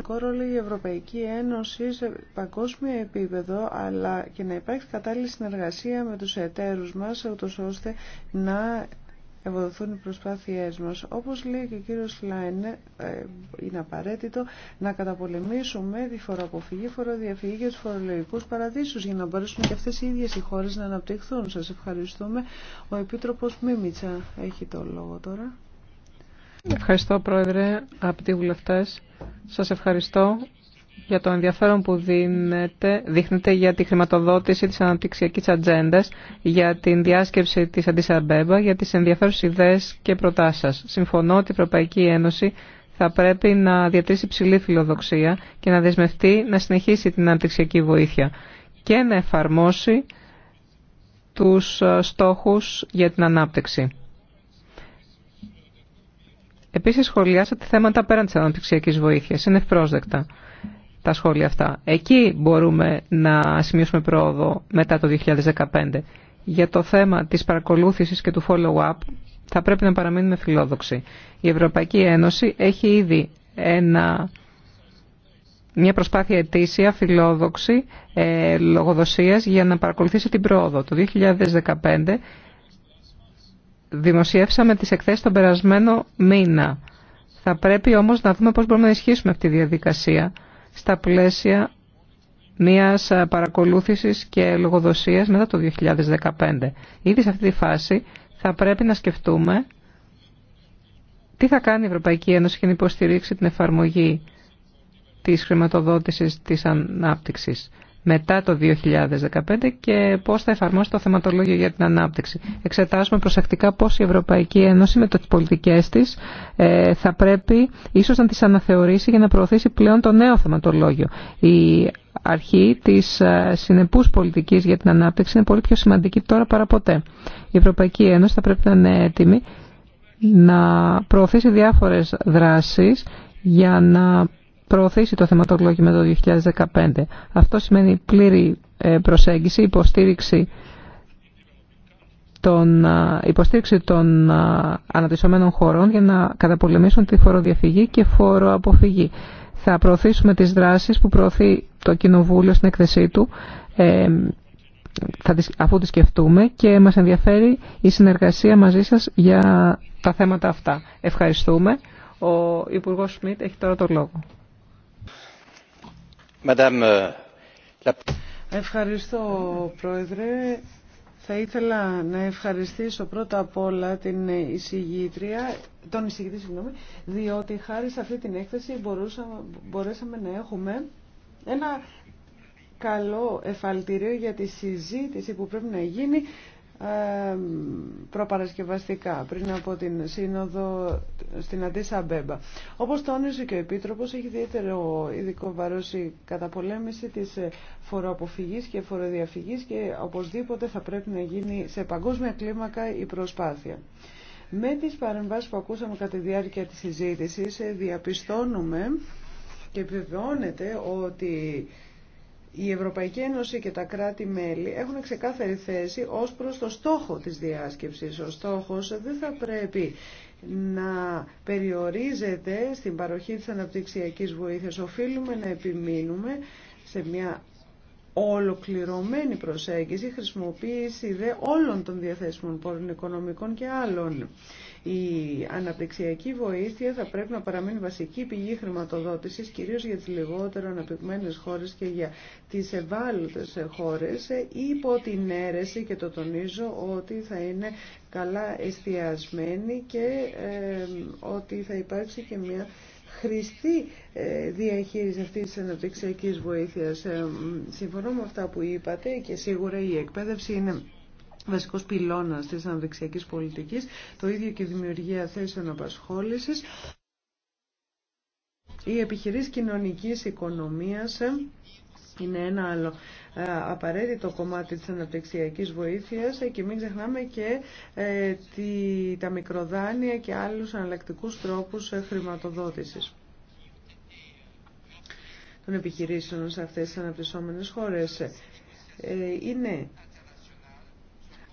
η Ευρωπαϊκή Ένωση σε παγκόσμιο επίπεδο αλλά και να υπάρχει κατάλληλη συνεργασία με τους εταίρους μας ούτως ώστε να ευοδοθούν οι προσπάθειές μας. Όπως λέει και ο κύριος Λάιν, ε, είναι απαραίτητο να καταπολεμήσουμε τη φοροαποφυγή, φοροδιαφυγή και τους φορολογικούς παραδείσους για να μπορέσουν και αυτές οι ίδιες οι χώρες να αναπτυχθούν. Σας ευχαριστούμε. Ο Επίτροπος Μίμητσα έχει το λόγο τώρα. Ευχαριστώ Πρόεδρε, αγαπητοί βουλευτές. Σας ευχαριστώ για το ενδιαφέρον που δίνετε, δείχνετε για τη χρηματοδότηση της αναπτυξιακής ατζέντα, για την διάσκεψη της Αντισαμπέμπα, για τις ενδιαφέρουσες ιδέες και προτάσεις σας. Συμφωνώ ότι η Ευρωπαϊκή Ένωση θα πρέπει να διατηρήσει ψηλή φιλοδοξία και να δεσμευτεί να συνεχίσει την αναπτυξιακή βοήθεια και να εφαρμόσει τους στόχους για την ανάπτυξη. Επίσης σχολιάσατε θέματα πέραν τη αναπτυξιακή βοήθεια. Είναι ευπρόσδεκτα τα σχόλια αυτά. Εκεί μπορούμε να σημειώσουμε πρόοδο μετά το 2015. Για το θέμα της παρακολούθησης και του follow-up θα πρέπει να παραμείνουμε φιλόδοξοι. Η Ευρωπαϊκή Ένωση έχει ήδη ένα, μια προσπάθεια ετήσια φιλόδοξη ε, λογοδοσίας για να παρακολουθήσει την πρόοδο. Το 2015 δημοσιεύσαμε τις εκθέσεις τον περασμένο μήνα. Θα πρέπει όμως να δούμε πώς μπορούμε να ισχύσουμε αυτή τη διαδικασία στα πλαίσια μιας παρακολούθησης και λογοδοσίας μετά το 2015. Ήδη σε αυτή τη φάση θα πρέπει να σκεφτούμε τι θα κάνει η Ευρωπαϊκή Ένωση για να υποστηρίξει την εφαρμογή της χρηματοδότησης της ανάπτυξης μετά το 2015 και πώς θα εφαρμόσει το θεματολόγιο για την ανάπτυξη. Εξετάζουμε προσεκτικά πώς η Ευρωπαϊκή Ένωση με τις πολιτικές της ε, θα πρέπει ίσως να τις αναθεωρήσει για να προωθήσει πλέον το νέο θεματολόγιο. Η αρχή της ε, συνεπούς πολιτικής για την ανάπτυξη είναι πολύ πιο σημαντική τώρα παρά ποτέ. Η Ευρωπαϊκή Ένωση θα πρέπει να είναι έτοιμη να προωθήσει διάφορες δράσεις για να προωθήσει το θεματολόγιο το 2015. Αυτό σημαίνει πλήρη ε, προσέγγιση, υποστήριξη των, υποστήριξη των αναπτυσσομένων χωρών για να καταπολεμήσουν τη φοροδιαφυγή και φοροαποφυγή. Θα προωθήσουμε τις δράσεις που προωθεί το Κοινοβούλιο στην έκθεσή του ε, θα τις, αφού τις σκεφτούμε και μας ενδιαφέρει η συνεργασία μαζί σας για τα θέματα αυτά. Ευχαριστούμε. Ο Υπουργός Σμιτ έχει τώρα το λόγο. Euh, Ευχαριστώ, Πρόεδρε. Θα ήθελα να ευχαριστήσω πρώτα απ' όλα την τον εισηγητή, συγγνώμη, διότι χάρη σε αυτή την έκθεση μπορέσαμε να έχουμε ένα καλό εφαλτηρίο για τη συζήτηση που πρέπει να γίνει προπαρασκευαστικά πριν από την σύνοδο στην Αντίσα Μπέμπα. Όπως τόνισε και ο Επίτροπος, έχει ιδιαίτερο ειδικό βάρος η καταπολέμηση της φοροαποφυγής και φοροδιαφυγής και οπωσδήποτε θα πρέπει να γίνει σε παγκόσμια κλίμακα η προσπάθεια. Με τις παρεμβάσεις που ακούσαμε κατά τη διάρκεια της συζήτησης ε, διαπιστώνουμε και επιβεβαιώνεται ότι η Ευρωπαϊκή Ένωση και τα κράτη-μέλη έχουν ξεκάθαρη θέση ως προς το στόχο της διάσκεψης. Ο στόχος δεν θα πρέπει να περιορίζεται στην παροχή της αναπτυξιακής βοήθειας. Οφείλουμε να επιμείνουμε σε μια ολοκληρωμένη προσέγγιση, χρησιμοποίηση δε όλων των διαθέσιμων πόρων οικονομικών και άλλων. Η αναπτυξιακή βοήθεια θα πρέπει να παραμείνει βασική πηγή χρηματοδότησης, κυρίως για τις λιγότερο αναπτυγμένες χώρες και για τις ευάλωτες χώρες, υπό την αίρεση και το τονίζω ότι θα είναι καλά εστιασμένη και ε, ότι θα υπάρξει και μια χρηστή ε, διαχείριση αυτής της αναπτυξιακής βοήθειας. Ε, συμφωνώ με αυτά που είπατε και σίγουρα η εκπαίδευση είναι βασικός πυλώνας της αναπτυξιακής πολιτικής, το ίδιο και η δημιουργία θέσεων απασχόλησης. ή επιχειρήσεις κοινωνικής οικονομίας ε, είναι ένα άλλο ε, απαραίτητο κομμάτι της αναπτυξιακής βοήθειας ε, και μην ξεχνάμε και ε, τη, τα μικροδάνεια και άλλους αναλλακτικούς τρόπους χρηματοδότησης των επιχειρήσεων σε αυτές τις αναπτυσσόμενες χώρες. Είναι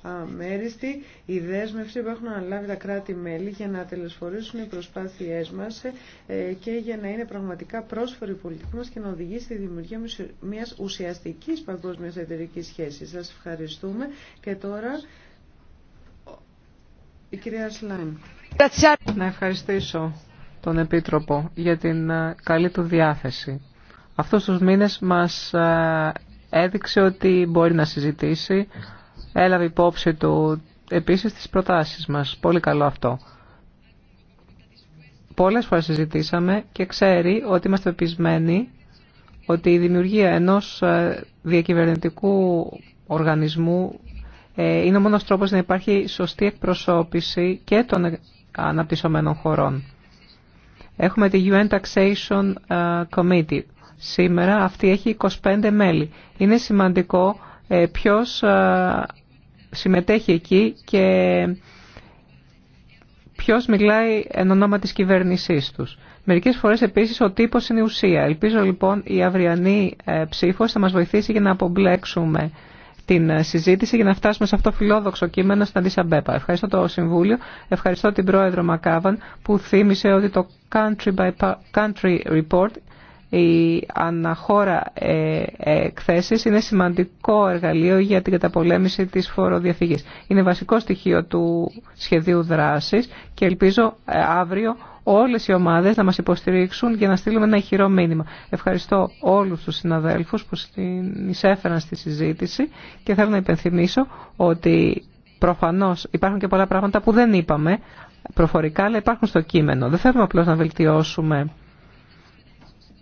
αμέριστη η δέσμευση που έχουν αναλάβει τα κράτη-μέλη για να τελεσφορήσουν οι προσπάθειές μας ε, και για να είναι πραγματικά πρόσφορη η πολιτική μας και να οδηγήσει στη δημιουργία μιας ουσιαστικής παγκόσμιας εταιρικής σχέσης. Σας ευχαριστούμε και τώρα η κυρία Σλάιν. Να ευχαριστήσω τον Επίτροπο για την ε, καλή του διάθεση. Αυτός τους μήνες μας ε, έδειξε ότι μπορεί να συζητήσει, έλαβε υπόψη του επίσης τις προτάσεις μας. Πολύ καλό αυτό. Πολλές φορές συζητήσαμε και ξέρει ότι είμαστε πεπισμένοι ότι η δημιουργία ενός ε, διακυβερνητικού οργανισμού ε, είναι ο μόνος τρόπος να υπάρχει σωστή εκπροσώπηση και των αναπτυσσομένων χωρών. Έχουμε τη UN Taxation ε, Committee. Σήμερα αυτή έχει 25 μέλη. Είναι σημαντικό ποιος συμμετέχει εκεί και ποιος μιλάει εν ονόμα της κυβέρνησής τους. Μερικές φορές επίσης ο τύπος είναι ουσία. Ελπίζω λοιπόν η αυριανή ε, ψήφος θα μας βοηθήσει για να απομπλέξουμε την ε, συζήτηση για να φτάσουμε σε αυτό φιλόδοξο κείμενο στην Αντισαμπέπα. Ευχαριστώ το Συμβούλιο, ευχαριστώ την Πρόεδρο Μακάβαν που θύμισε ότι το Country by Country Report η αναχώρα ε, εκθέσεις είναι σημαντικό εργαλείο για την καταπολέμηση της φοροδιαφυγής. Είναι βασικό στοιχείο του σχεδίου δράσης και ελπίζω ε, αύριο όλες οι ομάδες να μας υποστηρίξουν για να στείλουμε ένα ηχηρό μήνυμα. Ευχαριστώ όλους τους συναδέλφους που εισέφεραν στη συζήτηση και θέλω να υπενθυμίσω ότι προφανώς υπάρχουν και πολλά πράγματα που δεν είπαμε προφορικά, αλλά υπάρχουν στο κείμενο. Δεν θέλουμε απλώς να βελτιώσουμε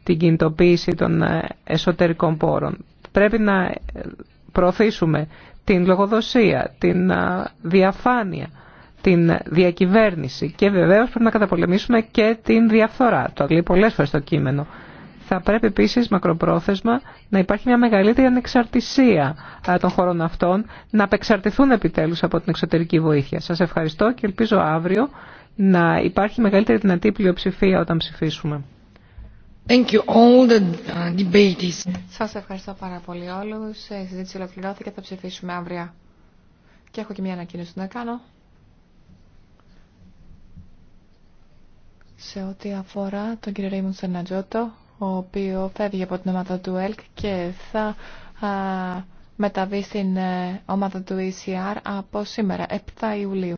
την κινητοποίηση των ε, εσωτερικών πόρων. Πρέπει να ε, προωθήσουμε την λογοδοσία, την ε, διαφάνεια, την διακυβέρνηση και βεβαίως πρέπει να καταπολεμήσουμε και την διαφθορά. Το λέει πολλές φορές το κείμενο. Θα πρέπει επίσης μακροπρόθεσμα να υπάρχει μια μεγαλύτερη ανεξαρτησία των χωρών αυτών, να απεξαρτηθούν επιτέλους από την εξωτερική βοήθεια. Σας ευχαριστώ και ελπίζω αύριο να υπάρχει μεγαλύτερη δυνατή πλειοψηφία όταν ψηφίσουμε. Thank uh, Σας ευχαριστώ πάρα πολύ όλους. Η συζήτηση ολοκληρώθηκε. Θα ψηφίσουμε αύριο. Και έχω και μια ανακοίνωση να κάνω. Σε ό,τι αφορά τον κύριο Ρίμουν Σερνατζότο, ο οποίο φεύγει από την ομάδα του ΕΛΚ και θα μεταβεί στην ε, ομάδα του ECR από σήμερα, 7 Ιουλίου.